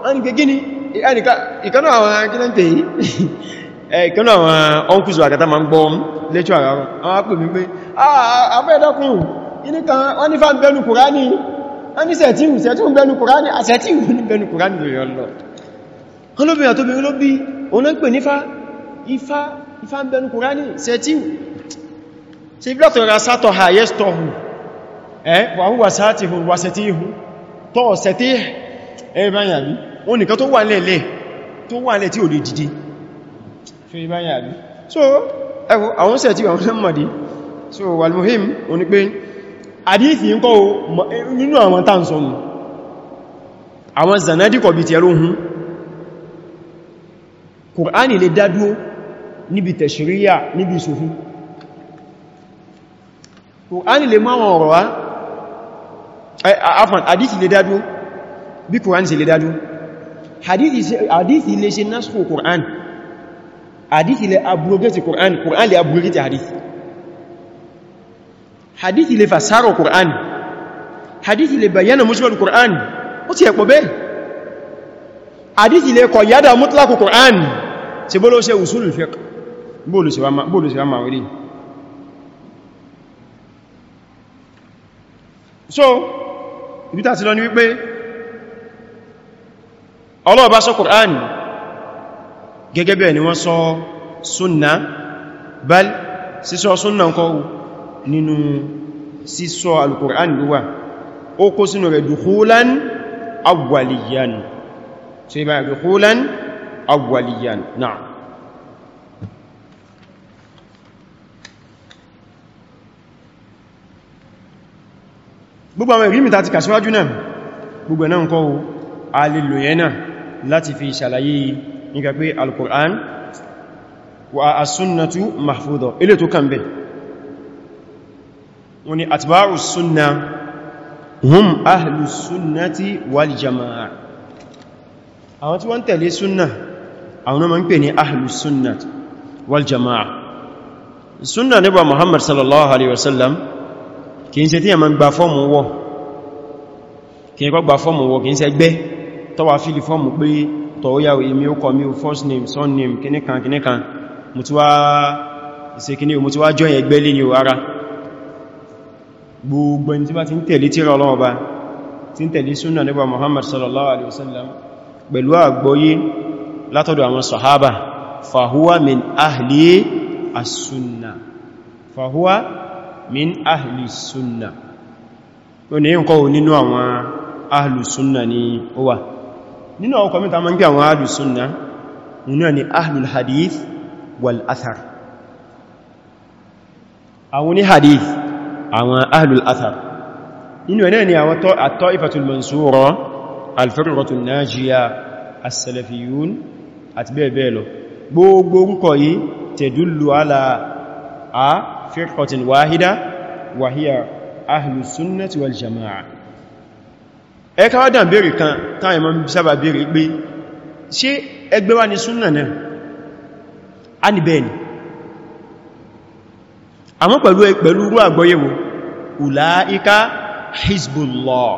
S1: ẹnìkẹ́ gíní ìkanú àwọn akílẹ́ntẹ̀ yìí ìkanú àwọn ọkùsù àkàtà ma ń gbọ́ lẹ́tọ́ ara wọn àwọn apò mi pé àbẹ́ẹ̀dọ́kùn ìníkan wọ́n ní fà ń bẹnu kùránì wọ́n ní sẹ̀tíwù sẹ̀tíwù bẹnu kùránì àsẹ̀tíwù ní bẹnu kùránì rẹ̀ lọ olóbìnrin àtóbìnrin ló bí òun náà ń pè nífà ifá ifá ń bẹnu kùránì sẹ̀tíwù sí ibi látọ̀rọ̀ sátọ̀ àyẹ́stọ̀ hù ẹ́ wàhúwà sáàtì hù wà sẹ̀tí hù tọ́ sẹ̀tí ẹ̀rìbáyàrí o nìkan tó wà lẹ́lẹ́ tó wà lẹ́ tí ò lè dìde fẹ́rìbáyàrí so àwọn sẹ̀tí àwọn sẹ́mọ̀dé so walmuhim o ní pé àdíìsì ń kọ́ nínú àwọn tàǹsọ̀nù àwọn zanadikọ̀ bí tẹ̀rọ hun kùránì lè dádúó níbi tẹ̀ṣìríyà níbi ìṣòfin Kùránì lè máa wọn ọ̀rọ̀ wá afọn àdísì lè dádú bí Kùránì sí lè dádú àdísì lè ṣe násùkò Kùránì àdísì lè abrogate Kùránì Kùránì lè abrogate àdísì àdísì lè fàsárọ̀ Kùránì àdísì lè bayyana mushkil Kùránì ó ti ẹ̀pọ̀ bẹ́ẹ̀ àdísì lè kọ̀ yádà mutlaq Kùránì ṣe bó ló ṣe usulul fiqh bó ló ṣe wá máa wílé so ibi tàti lọ ni wípé ọlọ́ọ̀bá sọ Kùránì gẹ́gẹ́ bẹ́ẹ̀ ni wọ́n sọ súnnà bal sísọ súnnà ń kọ́ nínú sísọ alùkùránì ló wà ó kó sínú rẹ̀ dùkúlán awwaliyan so ibá dùkúlán awwaliyan náà gbogbo àwọn ìrími tàti kàṣíwájú náà gbogbo náà kọ́ o a lè lò yẹn náà láti fi ṣàlàyé nígbà pé al-Qur'an wa as-sunnatu mahfudha ilé tó kàn bẹ̀ wọ́n ni atba'u sunna hum ahlu sunnati wal jama'a àwọn tí wọ́n tẹ̀lé sunna àwọn ma ń pè ní ahlu sunnati wal jama'a sunna nígbà Muhammad sallallahu alaihi wasallam kìí ṣe tí ẹ̀mọ́ gba fọ́ọ̀mù wọ́ kìí kọ́ gba fọ́ọ̀mù wọ́ kìí ṣe gbẹ́ tọ́wà fílì fọ́ọ̀mù pé tọ̀ọ́yàwó èmi ó kọ mí o first name son name kìníkan kìníkan mo ti wá ṣe kìní o mo ti wá jọ ẹgbẹ́ lé ní o ara gbogbo ẹni tí bá ti ń tẹ̀lé tírà Ọlọ́run Ọba tí min ahli sunna ó ní ǹkọ́ nínú àwọn ahli sunna ni ó wà nínú àwọn kọmítà ma ń gbé àwọn ahli sunna nínú ni ahli hadith wal athar àwọn ní hadith àwọn ahli athar nínú ẹ̀nà ni àwọn at-ta'ifatul mansura al-firqatul najiya as-salafiyun àti bẹ́ẹ̀ gbogbo orúkọ yìí tẹ̀dúlù ala a firqatin wahida wa hiya ahlus sunnati wal jama'a ẹ ká wá dàn béèrè kan táwọn ìmọ̀ sábà béèrè pé ṣé ẹgbẹ́ wa ni súnnà náà a ní bẹ́ẹ̀ ni àmọ́ pẹ̀lú pẹ̀lú rú àgbọ́yẹ̀wò ulaika hizbullah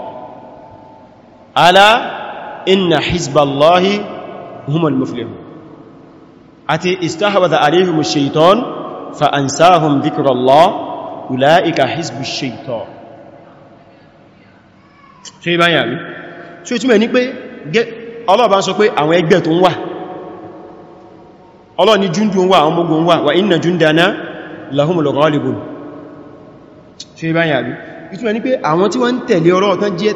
S1: ala inna hizballahi humul muflihun àti istahwadha alayhimu shaitan فأنساهم ذكر الله أولئك حزب الشيطان ṣe bá yàrí tí ó túnmẹ̀ ní pé ọlọ́ọ̀bá sọ pé àwọn ẹgbẹ́ tó ń wà ọlọ́ọ̀ ni júndù ń wà àwọn gbogbo ń wà wà inna jundana lahumul ghalibun ṣe bá yàrí ìtúnmẹ̀ ní pé àwọn tí wọ́n tẹ̀lé ọlọ́ọ̀ tán jẹ́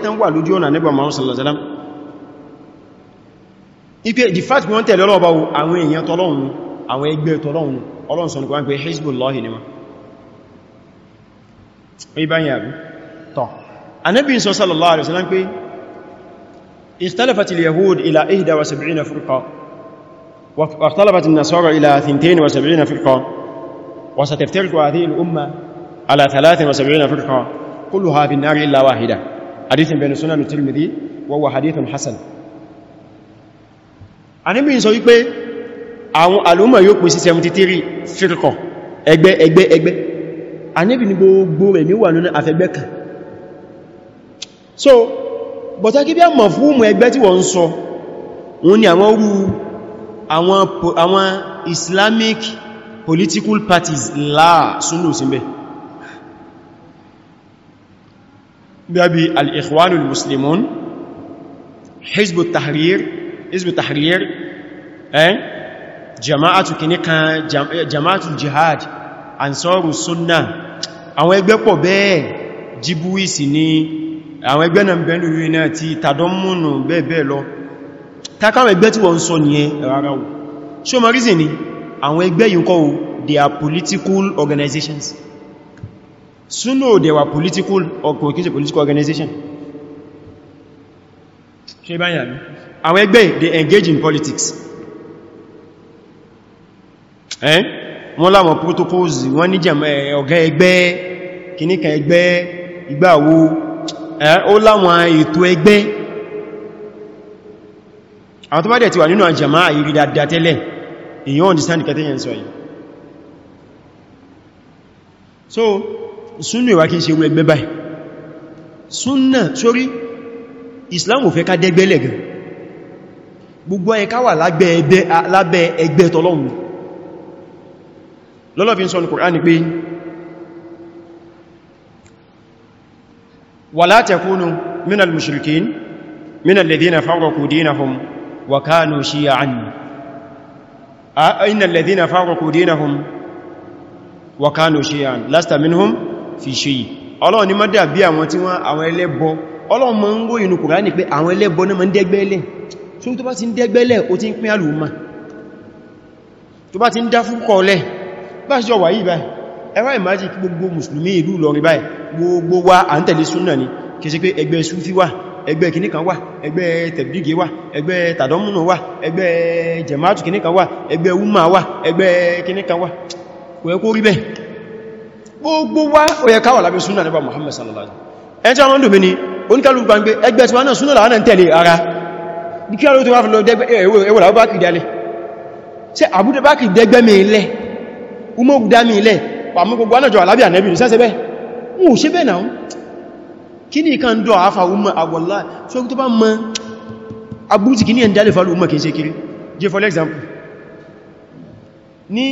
S1: tán wà ọlọ́run sọ nìkan pé hezbollah ni wọ́n ìbáyìn àbí tọ́ anábí sọ sallallahu alaihi wasallam pé istalafatil yahud ila 71 firqa واختلفت النصارى إلى 72 فرقة وستفترق هذه الأمة على 73 فرقة كلها في النار إلا واحدة حديث بين سنن الترمذي وهو حديث حسن عن ابن سويق àwọn alùmọ̀ yóò pín sí 73 firkọ̀ ẹgbẹ́ ẹgbẹ́ ẹgbẹ́ anẹ́bì gbogbo rẹ̀ ní wà nínú afẹ́gbẹ́ kan so bọ̀tá kí bí a mọ̀ fúnmù ẹgbẹ́ tí wọ́n sọ òun ni àwọn orú àwọn Islamic political parties láà súnlò síbẹ̀ bí a bí al-Ikhwanul Muslimun Hizbut Tahrir Hizbut Tahrir eh jama'atu kìní kan eh, jama'atu jihad ansoru sunna àwọn ẹgbẹ́ pọ̀ bẹ́ẹ̀ jibuisi ni àwọn ẹgbẹ́ náà bẹ̀rẹ̀ lórí náà ti tàdánmùnù bẹ́ẹ̀ bẹ́ẹ̀ lọ takáwọn ẹgbẹ́ tí wọ́n sọ nìyẹn rárá o ṣó ma reason ni àwọn ẹgbẹ́ yìí kọ́ o they are political organizations súnà they were political organization political organization ṣe báyìí àwọn ẹgbẹ́ they engage in politics ẹ́n eh? wọ́n láwọn protocols wọ́n ní jẹ̀mọ́ eh, ọ̀gá ẹgbẹ́ kìníkà ẹgbẹ́ ìgbàwó eh, ó láwọn ètò ẹgbẹ́ àwọn tó bá dẹ̀ ti wà nínú àjàmá àyírí dáadáa tẹ́lẹ̀ èyàn understand kẹtẹ́yàn sọ yìí so súnnà ìwà kí n ṣe wú ẹgbẹ́ báyìí súnnà sórí Islam ò fẹ́ ká dẹ́gbẹ́lẹ̀ gan gbogbo ẹ̀ká wà lábẹ́ ẹgbẹ́ tọ́lọ́run lọ́lọ́fin sọ ní Kùránì pé wala takunu minal mushrikin minal ladhina farraqu dinahum wa kanu shi'an innal ladhina farraqu dinahum wa kanu shi'an lasta minhum fi shay Ọlọ́run ni má dà bí àwọn tí wọ́n àwọn ẹlẹ́bọ Ọlọ́run mọ́ ń gó inú àwọn ẹlẹ́bọ tó bá ti ń dá fún kọ́ọ̀lẹ̀ bá ṣe wà yìí báyìí ẹwà ìmájì gbogbo mùsùlùmí ìlú lọrin báyìí gbogbo wa à ń tẹ̀lé súnnà ni kì í ṣe pé ẹgbẹ́ súfí wà ẹgbẹ́ kìníkan wà ẹgbẹ́ tẹ̀bígì wà ẹgbẹ́ tàdọ́mùnà wà ẹgbẹ́ jẹ̀máàtù kìníkan wà ẹgbẹ́ wúmà wà ẹgbẹ́ kìníkan wà kò yẹ kó rí bẹ́ẹ̀ gbogbo wa ó yẹ ká wà lábẹ́ súnnà nípa Muhammad sallallahu alaihi wasallam umaru dá mi ilẹ̀ pàmú gbogbo anájọ alábí ànẹ́bì ní sẹ́sẹ́ bẹ́ mú ṣe bẹ́ náà kí ní ìkan dọ̀ àfà umar àwọ̀lá so tó bá mọ́ abúrútì kí ní ẹ̀ for example ní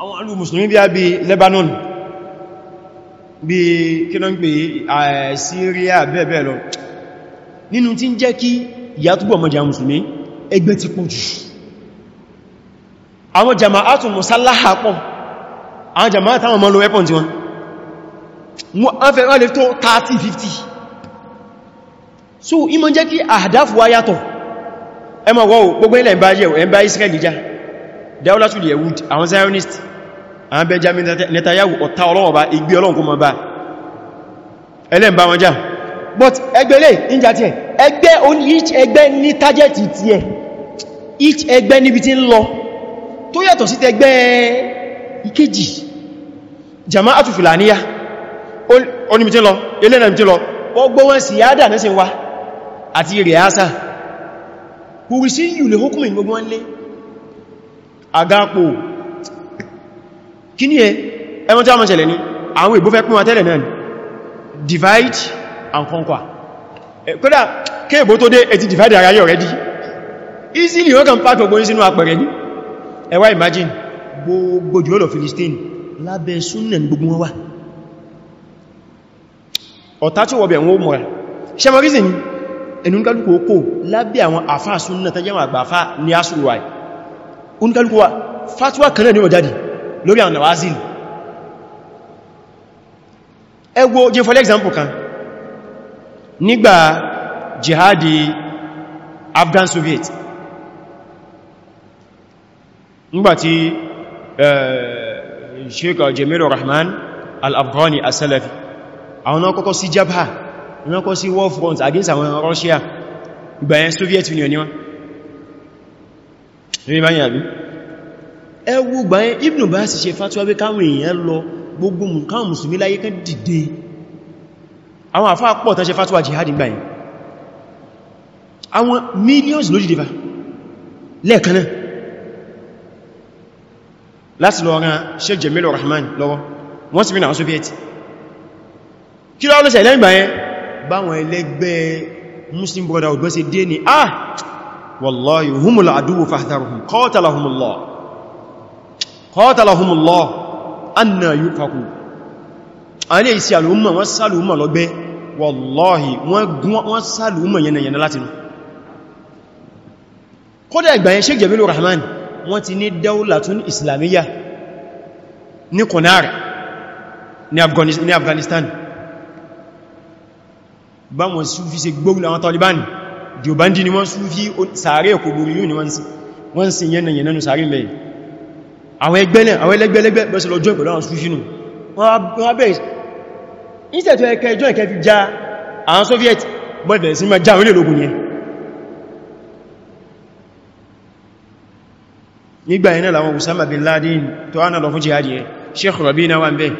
S1: àwọn alú musulmi bí a bí Lebanon bí kí ló ń eh, Syria bẹ́ẹ̀ bẹ́ẹ̀ lọ nínú tí ń jẹ́ kí ìyà túbọ̀ mọ́jà musulmi ẹgbẹ́ ti pọ̀ jù àwọn jama'atù musallaha pọ̀ àwọn jama'atù àwọn mọ́lọ weapon tí wọ́n wọ́n fẹ́ wọ́n lè tó 30-50 so ìmọ̀ jẹ́ kí àdáfù wá yàtọ̀ ẹ ma wọ́wọ́ gbogbo ilẹ̀ ẹ̀mbá yẹ̀ ẹ̀mbá Israel já Dawlatul Yahud àwọn Zionist àwọn Benjamin Netanyahu ọ̀tá ọlọ́wọ̀n bá igbí ọlọ́wọ̀n kó ma bá ẹlẹ́mbá wọn já but ẹgbẹ́ lè níjà tí ẹ ẹgbẹ́ ní target tí ẹ each ẹgbẹ́ níbi tí ń lọ tó yàtọ̀ sí tẹgbẹ́ ìkejì jama'atu fulaniya onímìtí lọ ilẹ́nà mìtí lọ wọ́n gbọ́wọ́n sí yádà ní sin wa àti rìásà kúrì sí yùlẹ̀ hókùnmí gbogbo wọ́n lé àgápò kí ní ẹ ẹmọ́ tí a divide and conquer kódà kéèbó tó divide ara yọ rẹ̀ dí easily wọ́n kàn pàtàkì ogbóyìn ẹ wá imagine gbogbo jùlọ Philistine lábẹ́ súnnà ní gbogbo wọn wà ọ̀tá tí wọ́bẹ̀ wọn ó mọ̀ ẹ̀ ṣe mọ̀ rísìn ẹni oníkálùkù okó lábẹ́ àwọn àfáà súnnà tó jẹ́wọ̀n àgbàfá ní asùrùwà oníkálùkù wa for example kan nígbà jihadi Afghan Soviet nígbàtí ṣíkà eh, jamilu rahman al-afghani asalafi àwọn ọkọ̀kọ́ sí jabha wọ́n kọ́ sí war front against àwọn russia bayan soviet union ni wọ́n ní báyìí àbí ẹwú bayan ibn basi ṣe fatuwa bí káwọn èèyàn lọ gbogbo káwọn musulmi láyé kan dìde àwọn àfáà pọ̀ tán ṣe fatuwa jihad bayan àwọn millions ló jìdífà lẹ́ẹ̀kanáà láti lọ ran Sheikh Jamil Rahman lọ́wọ́ wọ́n sì bí náà Soviet kí lọ́wọ́ lọ́sẹ̀ lẹ́yìn báyẹn báwọn ẹlẹ́gbẹ́ Muslim Brotherhood bọ́ sí dé ní ah wallahi humul aduwu fahdharuhum qatalahumullah qatalahumullah anna yufaku a ní ìsì alùmọ̀ wọ́n sálùmọ̀ lọ́gbẹ́ wallahi wọ́n sálùmọ̀ yẹnayẹna látinú kódà ìgbàyẹn Sheikh Jamil Rahman wọ́n ti ní daulatun islamiyya ní Kunar ní Afghanistan báwọn Sufi ṣe gbógun àwọn Taliban jùbándì ni wọ́n Sufi sàárẹ̀ kògbòrò yìí ni wọ́n sin yẹnayẹnanu sàárẹ̀ mẹ́yìn àwọn ẹgbẹ́ náà àwọn ẹlẹ́gbẹ́lẹ́gbẹ́ bẹ́sẹ̀ lọ join pẹ̀lú àwọn sufinu wọ́n bẹ̀rẹ̀ ìsẹ̀tọ̀ ẹkẹ́ join kẹfì já àwọn Soviet bọ́ẹ̀bẹ̀rẹ̀ sí ma já orílẹ̀ ológun nígbà iná làwọn Usama bin Laden tó ánà lọ fún jihadi ẹ Sheikh Rabi na wà ń bẹ́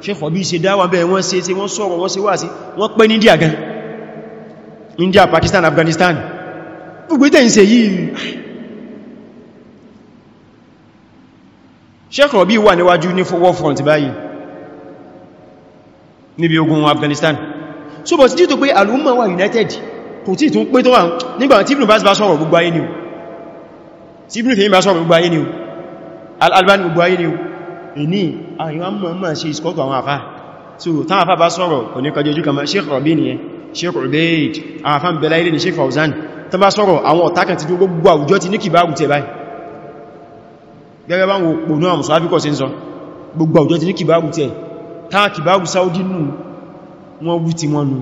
S1: Sheikh Rabi ṣe dáwà bẹ́ wọ́n ṣe tí wọ́n sọ̀rọ̀ wọ́n ṣe wà sí wọ́n pẹ́ ní India gan India Pakistan Afghanistan gbogbo tẹ́ ń yìí Sheikh Rabi wà níwájú ní war front báyìí níbi ogun Afghanistan so but dí tó pé alumma united kò tí tún pé tó wà nígbà tí Ibn Baz tí ibùn tèmí bá sọ̀rọ̀ ni o Al-Albani gbogbo ayé ni o ìní àyíwá mọ̀mọ̀ ṣe ìsìkọ́tọ̀ àwọn àfá so táwọn àfá bá sọ̀rọ̀ kò ní kọjọ ojú kama Sheikh Rabi ni Sheikh àwọn àfá ń ni Sheikh Fauzan tó bá sọ̀rọ̀ àwọn ọ̀tákan ti gbogbo àwùjọ ti ní kìbáàrù tẹ̀ báyìí gẹ́gẹ́ bá wọn òpònú àwọn sọ́fíkọ̀ sí ń sọ gbogbo àwùjọ ti ní kìbáàrù tẹ̀ táà kìbáàrù Saudi nù wọn wú ti wọn nù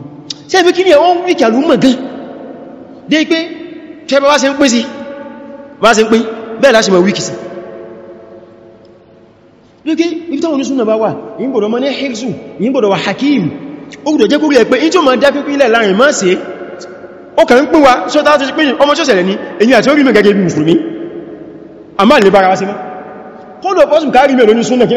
S1: sẹ́bí kí ni bá ṣe ń pín bẹ́ẹ̀ láti mọ̀ wíkì sí wíkí ibi táwọn bá wà ìyínbọ̀dọ̀ mọ́ ní hìrìsù ìyínbọ̀dọ̀ wà hakim ó gbọ́dọ̀ jẹ́ kúrò ẹ̀ pé in tí ó ma dá pípí ilẹ̀ láàrin máa ṣe ó kàn ń pín wa ṣọ́ tá ti pín ọmọ ṣọ́ṣẹ̀lẹ̀ ní èyí àti orí mẹ́gẹ́gẹ́ bí mùsùlùmí a máa lè bára wá sí mọ́ kọ́lọ̀ pọ́sùn kárí mẹ́ lóní súnà kí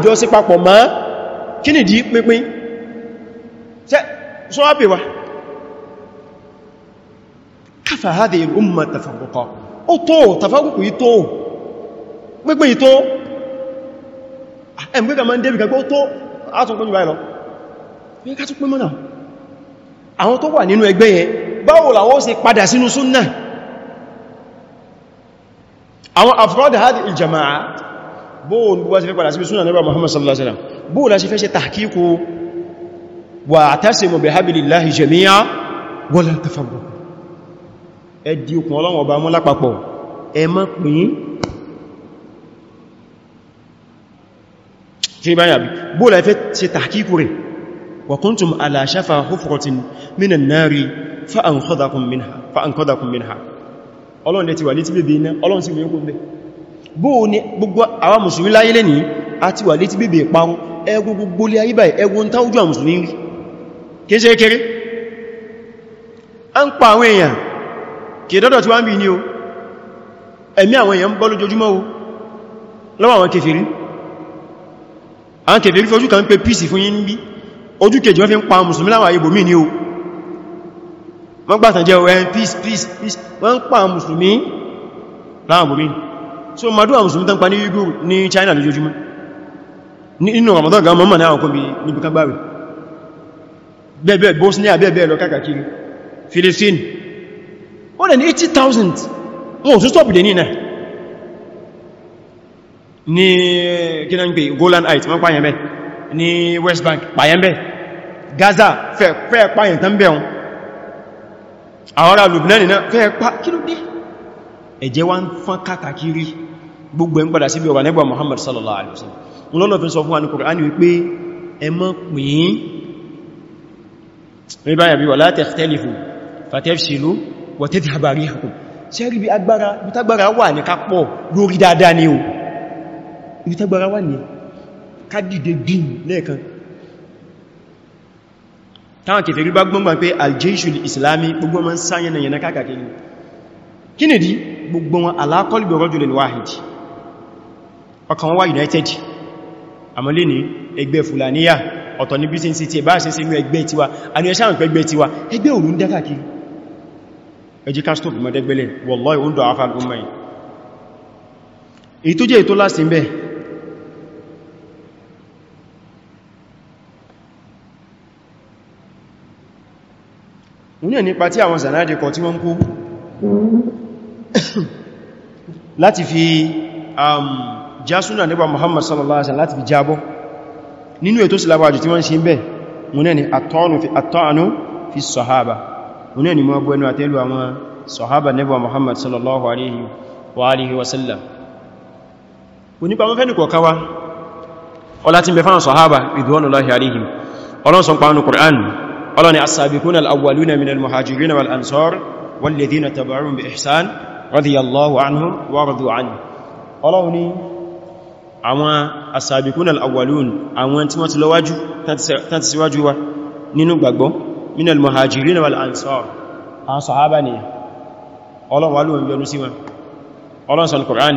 S1: sí kí nìdí pínpín sọ́wọ́pẹ̀ wa káfà hádé ìrùmà tàfàkùkọ́ ó tó tàfàkùkù yí tó pípẹ́ yí tó ẹ̀mgbẹ́gbà máa ń débì kagbó tó átùnkún jùlọ lọ ní ká tún pín mọ́nà àwọn tó wà nínú ẹgbẹ́ yẹn báwo làwọn ṣe padà sínú súnnà àwọn afrọ́dà hádé ìjàmáà bóò ní gbogbo واعتصموا بحبل الله جميعا ولا تفرقوا ẹ di okùn Ọlọ́run Ọba mú lápapọ̀ ẹ má pín kí bá yàbí bóòlà ẹfẹ́ ṣe tàkíkù rẹ̀ wa kuntum ala shafa hufratin minan nari fa anqadhakum minha fa anqadhakum minha Ọlọ́run lẹ́ ti wà létí bèbè iná ní rí kìí ṣe kéré a ń pa àwọn èèyàn kìí dọ́dọ̀ tí wá ń bí ní o ẹ̀mí àwọn èèyàn ń bọ́ lójoojúmọ́ o lọ́wọ́ àwọn kèfèrí àwọn kèfèrí fojú kan ń pe píìsì fún yín bí ojú kejì wọ́n fi ń pa mùsùlùmí láwọn ibòmí ní o wọ́n gbàtàn jẹ́ peace peace peace so mùsùlùmí ga bẹ́ẹ̀bẹ́ Bosnia bẹ́ẹ̀bẹ́ lọ kákàkiri Philippines more than 80,000 wọn ò tún stop dé ní náà ní kí náà ń pè Golan Heights wọ́n pààyàn bẹ́ ní West Bank pààyàn bẹ́ Gaza fẹ́ pààyàn tán bẹ́ wọn àwọn ará Lubnani náà fẹ́ pa kí ló dé ẹ̀jẹ̀ ríbá yàbí wà láti ẹ̀tẹ́lifù fàtẹ́fṣìlú wà tẹ́tì àbàrí ẹ̀kùn ṣe rí bí agbára bí tágbára wà ní kápọ̀ lórí dáadáa ni o ibi tágbára wà ní kádìdé gbìn lẹ́ẹ̀kan táwọn kèfèrí bá gbọ́ngbà pé aljeshul islami gbogbo wọn sáyẹnà yẹnà kákàkiri ọ̀tọ̀ ní bísí sí ti bá ṣe sínú ẹgbẹ́ tiwa a ní ẹṣà ìpẹ́gbẹ́ tiwa ẹgbẹ́ òun ń dákà kí ẹjí kástọ̀pù mọ́dẹ́gbẹ́lẹ̀ wallahi ó ń dọ̀ afá al'umma yìí èyí tó jẹ́ ètò láti ń bẹ́ ní nípa tí àwọn zanadi kọ tí wọ́n kú láti fi um, jásúnà nípa Muhammad sallallahu alaihi wasallam láti fi jábọ́ nínú ètò sí lábájú tí wọ́n ṣe ń bẹ̀ múnẹ́ ni àtọ́nù fi sọ̀hábà múnẹ́ ni mọ́ bọ́ẹ̀nù àtẹ́lù àwọn sọ̀hábà nẹ́bà Muhammad sallallahu alaihi wa alihi wasallam onípa mọ́fẹ́ nìkọ̀ káwá ọlá ti àwọn asàbìkún al'awwalun àwọn tí wọ́n ti lọ́wájú tán ti síwájú wa nínú gbàgbọ́ minal muhajirin wal ansar an sahaba ne ọlọ́wà ló ń yọnu sí wọn ọlọ́sàn al-Qur'an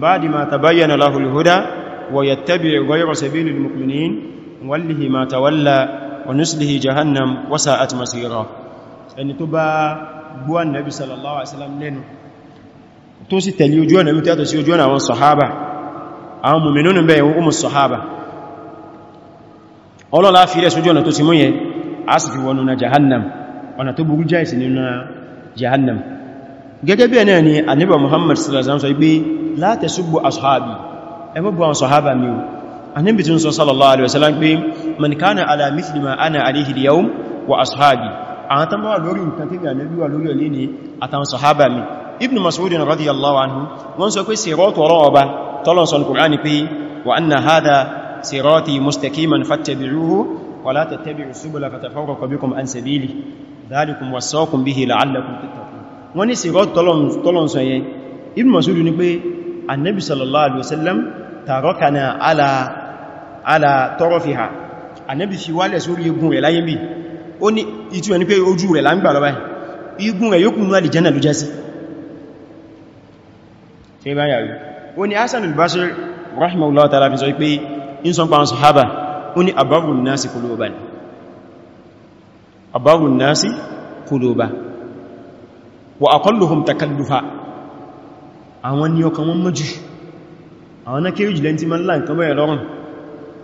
S1: wa ma tabayyana lahul huda wa yattabi' ghayra sabilil mu'minin نوله ما تولى ونسله جهنم وساءت مسيرا ẹni tó bá gbọ́ annabi sallallahu alaihi wasallam lẹ́nu tó sì tẹ̀lé ojú ọ̀nà bí tẹ́tọ̀ sí ojú ọ̀nà àwọn sọ̀hábà àwọn mùmínúnù bẹ̀yẹ̀ wọ́n mú sọ̀hábà ọlọ́lá fi rẹ̀ sójú ọ̀nà tó ti mú a sì fi wọnú na jahannam ọ̀nà tó burú jáìsì nínú jahannam gẹ́gẹ́ bí ẹ̀nà ni annabi muhammad sallallahu alaihi wasallam sọ annabi tún sọ sallallahu alaihi wasallam pé man kana ala mithli ma ana alaihi al-yawm wa ashabi àwọn tan bá lórí nǹkan tí ga nabi wa lórí ole ni àtàwọn sahaba mi ibn mas'ud radiyallahu anhu wọ́n sọ pé siratu rawaba tolon sọ alquran pé wa anna hadha sirati mustaqiman fattabi'uhu wa la tattabi'us subula fatafarraqa bikum an sabili dhalikum wasaqum bihi la'allakum tattaqun wọ́n ní siratu tolon tolon sọ yẹn ibn mas'ud ní pé annabi sallallahu alaihi wasallam tarakana ala ala tarafiha ànábì fi wálẹ̀ sórí igun rẹ̀ láyé bí ó ní ìtú ẹni pé ojú rẹ̀ là ń gbà lọ́wọ́ igun rẹ̀ yóò kún aljanna ló jẹ́ sí ṣe bá yàrí ó ní Hasan al-Basri rahimahullah ta'ala fi sọ pé in sọ pa àwọn sahaba ó ní abarru nasi quluban abarru nasi quluban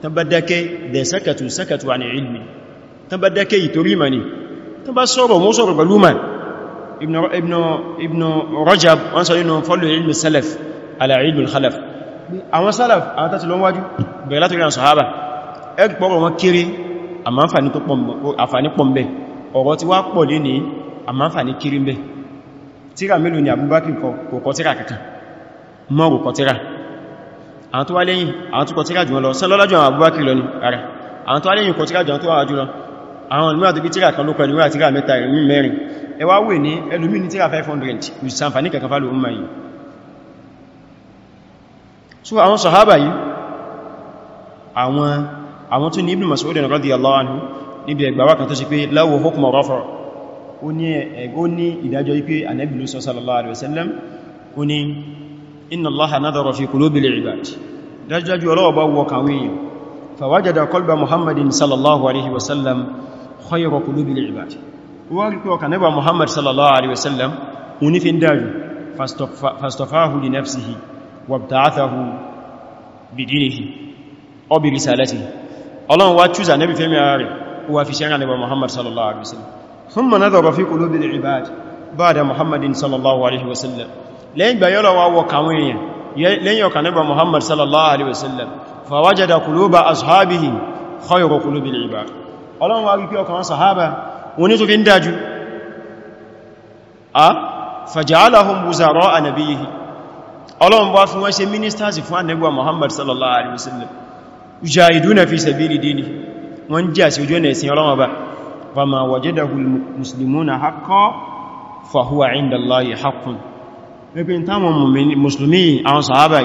S1: tán bá dákẹ́ dẹ̀ sákàtù sákàtù àni ilmi tán bá dákẹ́ ìtorí ma ni tán bá sọ́rọ̀ mọ́ sọ́rọ̀ pẹ̀lú ma ibn rajab wọ́n sọ nínú fọ́lù ilmi salaf ala ilmi khalaf àwọn salaf àwọn tàti lọ́n wájú bẹ̀rẹ̀ látọ̀rí àwọn sahaba ẹ gbọ́rọ̀ wọn kéré àmọ́ àǹfààní pọ̀ ńbẹ̀ ọ̀rọ̀ tí wá pọ̀ lé ní àmọ́ àǹfààní kéré tíra mélòó ni Abubakar kò kọ kankan mọ́rù kọ àwọn tó wá lẹ́yìn àwọn tó kọ tíra jù wọn lọ sánlọ́lájú àwọn Abubakar lọ ni ara àwọn tó wá lẹ́yìn kọ tíra jù wọn tó wà jù lọ àwọn ìlú àti bí tíra kan ló pẹ̀lú ìwà tíra mẹ́ta ìrìn mẹ́rin ẹwà wè ní ẹlùmí ní tíra 500 ìsànfàní kankan fà lóòmà yìí so àwọn sàhábà yìí àwọn àwọn tó ní Ibn Mas'ud radiyallahu anhu níbi ẹgbàwà kan tó sì pé law hukma rafa ó ní ìdájọ́ yìí pé Ànábì sallallahu alaihi wasallam ó inna allaha nadhara fi qulubil ibad dájúdájú ọlọ́wọ́ bá wọ kàwé yìí fàwájádà qalba muhammadin sallallahu alaihi wasallam khayra qulubil ibad wọ́n rí pé ọkà nẹ́bà muhammad sallallahu alaihi wasallam uní fi ń dájú fastafahu li nafsihi wa bta'athahu bi dinihi aw bi risalatihi ọlọ́run wá chúza nẹ́bì fẹ́mi ara rẹ̀ wà fi ṣẹ́rà nẹ́bà muhammad sallallahu alaihi wasallam thumma nadhara fi qulubil ibad ba'da muhammadin sallallahu alaihi wasallam lẹ́yìn gbà yọ́lọ̀ wọ́wọ́ kàwọn èèyàn lẹ́yìn ọ̀kan nígbà muhammad sallallahu alaihi wasallam fawajada kuluba ashabihi khayru kulubi liba ọlọ́run wá wípé ọkàn sahaba wọn ni tó fi ń dájú a fajalahum buzaro a nabiyihi ọlọ́run bá fún wọ́n ṣe ministers fún annabuwa muhammad sallallahu alaihi wasallam ujahiduna fi sabili dini wọ́n jà sí ojú ọ̀nà ìsìn ọlọ́run ba fama wajadahu muslimuna haqqan fahuwa inda allahi haqqun wípé táwọn mùsùlùmí àwọn sàhábà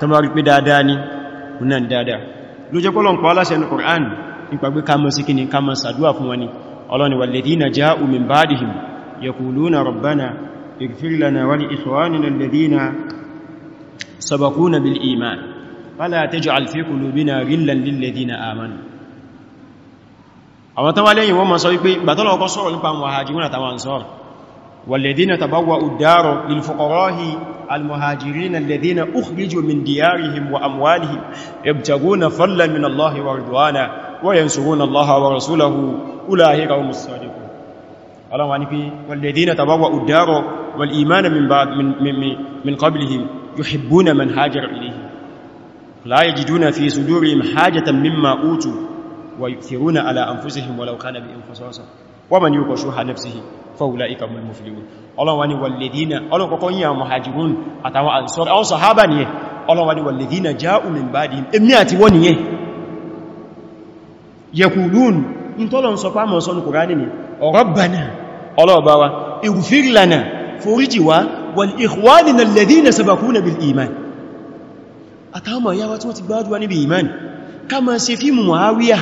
S1: tó bá rí pé dáadáa ní unan dáadáa ló jẹ́ kọ́lọ̀ pọ̀ aláṣẹ ní Qur'an nípa pé ká mọ́ sí kí ni ká mọ́ sàdúwà fún wani ọlọ́ni walladhina ja'u min ba'dihim yaquluna rabbana bil iman wala taj'al fi qulubina ghillan lil ladhina amanu àwọn tán wá lẹ́yìn wọ́n والذين تبوأوا الدار للفقراء المهاجرين الذين أخرجوا من ديارهم وأموالهم يبتغون فضلا من الله ورضوانا وينصرون الله ورسوله أولئك هم الصادقون الله في والذين تبوأوا الدار والإيمان من بعد من من من قبلهم يحبون من هاجر إليهم لا يجدون في صدورهم حاجة مما أوتوا ويؤثرون على أنفسهم ولو كان بهم ومن يوق شح نفسه فاولئك هم المفلحون ọlọ́run wá ní wàlèdínà ọlọ́run kọ́kọ́ yí àwọn mahajirun àtàwọn ansọ́rọ̀ àwọn sọ̀hábà nìyẹn ọlọ́run wá ní wàlèdínà já'u min ba'dihim èmì wọ́n nìyẹn yẹkùlún in tọ́lọ̀n sọ pàmọ̀ sọ́nù àtàwọn yáwa tí wọ́n ti gbáàdùwa níbi iman ká ma ṣe fíìmù Muawiya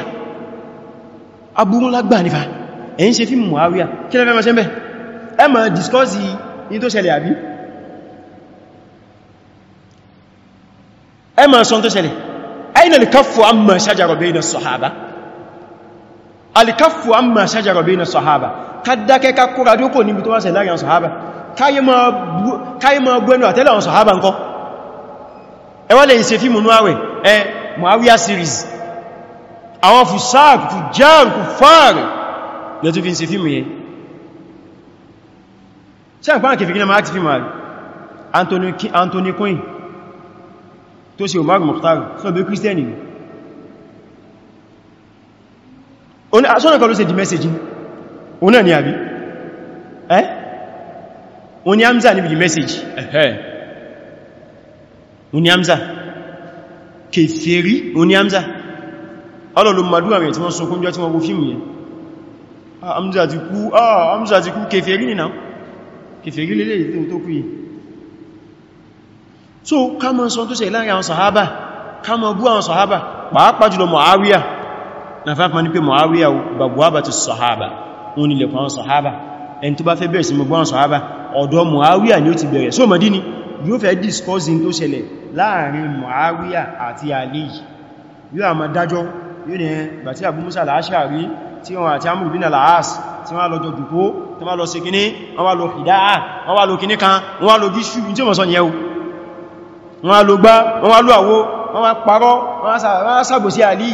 S1: abúrúnlágbà nífàá ẹ̀yìn ṣe fíìmù Muawiya kí lẹ́fẹ́ mọ́ ṣe mẹ́ ẹ ma discourse ní tó ṣẹlẹ̀ àbí ẹ sọ tó ṣẹlẹ̀ aina al-kaffu amma shajara bayna as-sahaba al-kaffu amma shajara bayna as-sahaba ká dákẹ́ ká kóra dókò níbi tó wá ṣẹlẹ̀ láàrin sọ̀hábà ma gbẹ́nu àtẹ́lẹ̀ àwọn sọ̀hábà ńkọ́ ẹ wá lè ṣe fíìmù series àwọn fùsáàkù fùjáàkù fààrì lọ tó fi ń ṣe fíìmù yẹn ṣe àpá àkẹfẹ́ gínà máa ti fíìmù àrí Anthony Quinn tó ṣe Omar Mukhtar sọ́bẹ̀ kírísítẹ́nì sọ́nà kan ló ṣe di mẹ́sẹ̀jì òun náà ni àbí ẹ́ òun ni Hamza níbi di mẹ́sẹ̀jì ẹ̀hẹ́ òun ni amza. kèfèrí òun ni Hamza ọlọ́lọ́ mọ̀dúwà rẹ̀ tí wọ́n sọ kúnjọ́ tí wọ́n wo fíìmù yẹn Hamza ah, ti kú ah Hamza ti kú kèfèrí nìna kèfèrí lélẹ̀ ìdí tó kú yìí so ká mọ́ sọ tó ṣe láàrin àwọn sàhábà ká mọ́ bú àwọn sàhábà pàápàá jùlọ Muawiya na fàfà ní pé Muawiya bàbúwábà ti sàhábà wọn ni lẹ̀kọ́ Sahaba. sàhábà ẹni tó bá fẹ́ bẹ̀rẹ̀ sí mọ́ àwọn Sahaba. Odo Muawiya ni ó ti bẹ̀rẹ̀ so Madini yóò fẹ́ discussing tó ṣẹlẹ̀ láàrin Muawiya àti Ali yóò àmà dájọ́ yóò ní bàtí Abu Musa al-Ash'ari tí wọ́n àti amúrù bínà làás tí wọ́n lọ jọ dùkó tí wọ́n lọ sí kíní wọ́n wá lọ ìdáà wọ́n wá lọ kíní kan wọ́n wá lọ gíṣù tí wọ́n sọ ni ẹwù wọ́n wá lọ gbá wọ́n wá lọ àwó wọ́n wá parọ́ wọ́n wá sàbòsí àlì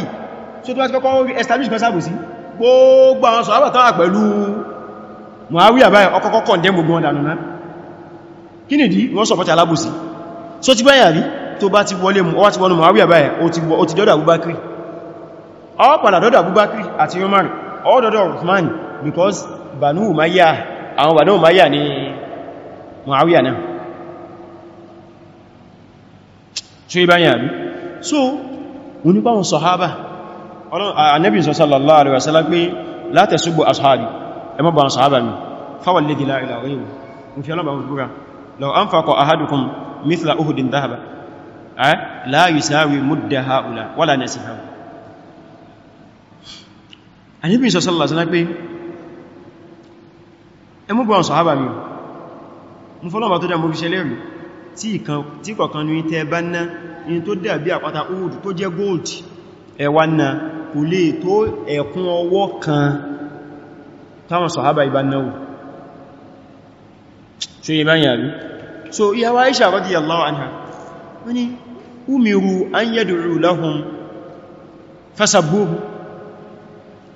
S1: so tó wá ti kọ́kọ́ establish kan sàbòsí gbogbo àwọn sọ̀rọ̀ tán wà pẹ̀lú Muawiya àbáyẹ ọkọ̀kọ́ condemn gbogbo wọn dànù wọ́n ti báyà rí tó ọ padà dọ́dọ̀ Abubakar àti Umar ọ dọ́dọ̀ Uthman because Banu Umayya àwọn Banu Umayya ni Muawiya náà tí ó bá yà rí so wọ́n ní báwọn sọ̀hábà Ànábì sallallahu alaihi wasallam pé la tasubbu ashabi ẹ má sọ̀hábà mi fawalladhi la ilaha ghayruhu àníbì sọ sọ́lá síná pé ẹmú bọ́ sọ̀hábà mi mú fọ́lọ́mà tó dá mú fi ṣe lẹ́rù tí kọ̀kan ní tẹ bá ná in tó dàbí àpáta oòdù tó jẹ́ gold ẹwà náà kò lè tó ẹ̀kún ọwọ́ kan táwọn sọ̀hábà ibá náwó ṣe ibá yàrí so ìyàwó Aisha radiyallahu anha wani umiru an yad'u lahum fasabbuhu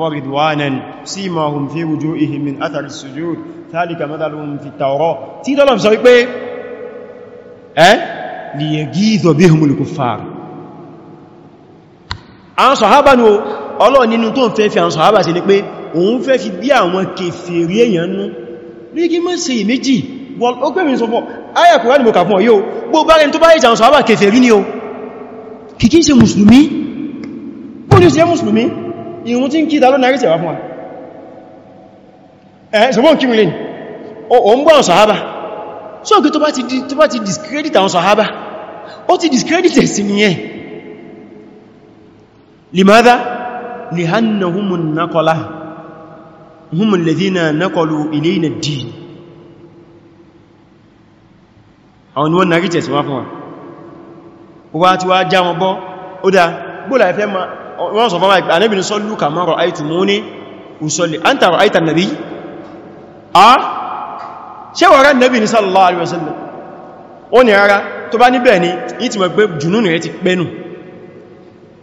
S1: ورضوانا سيماهم في وجوههم من أثر السجود ذلك مثلهم في التوراة تي دولم سوي بي eh ليغيظ بهم الكفار àwọn sàhábà ní Ọlọ́run nínú tó ń fẹ́ fi àwọn sàhábà ṣe ni pé òun fi bí àwọn kèfèrí sọ fọ́ ayà Kùránì mo kà fún ọ yóò gbogbo bá rẹ̀ tó bá ìjà ìrun tí ń kí ìdálọ́ narí tẹ̀wà fún wa ẹ̀ ṣùgbọ́n kí rìn o ń gbọ́n sọ̀hábà so kí tó bá ti discredit àwọn sọ̀hábà ó ti discredit ẹ̀sì nìyẹn limadha lihanna humun nakọla humun ladhina nakọlu ilayna ad-din àwọn ni wọ́n narí tẹ̀sì wá wọ́n sọ fọ́nà ànábì ní sọ́lú kàmọ́rọ̀ àìtù mú ní usọ́lì an tàrọ àìtà nàbí a ṣe wọ́n rá nàbí ní sallallahu alaihi o ó ní rárá tó bá níbẹ̀ ni yí ti mọ̀ pé jùnún rẹ̀ ti pẹ́nu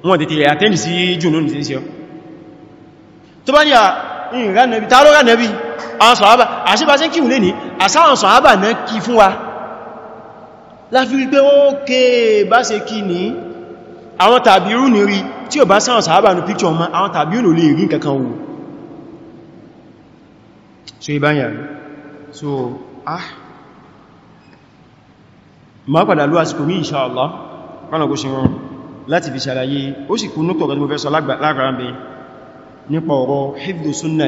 S1: wọ́n tètè rẹ̀ àtẹ́lì sí jùnún sí sí ọ tó bá ní à ń rá nàbí tààrọ rá nàbí àwọn sọ̀hábà àṣíbá sí kíhùn lè ní àwọn tàbírù ní rí tí ò bá sáwọn sàábà ní píkṣọ ọmọ àwọn tàbírù lè rí kankan wò so ìbáyà so ah ma padà ló àsìkò ní insha Allah rọ́nà kó ṣe rán láti fi ṣàlàyé ó sì kún nítọ̀ mo fẹ́ sọ lágbàrá bẹ nípa ọ̀rọ̀ hifdu sunna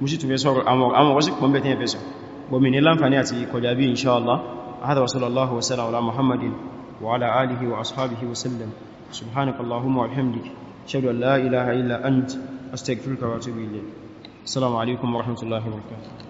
S1: mo sì tún fẹ́ sọ̀rọ̀ àwọn ọ̀rọ̀ sì pọ̀ mẹ́tẹ́ ẹ̀fẹ́ sọ gbọmìnì láǹfàní àti wa sallallahu wa وعلى آله وأصحابه وسلم سبحانك اللهم وبحمدك أشهد أن لا إله إلا أنت أستغفرك وأتوب إليك السلام عليكم ورحمة الله وبركاته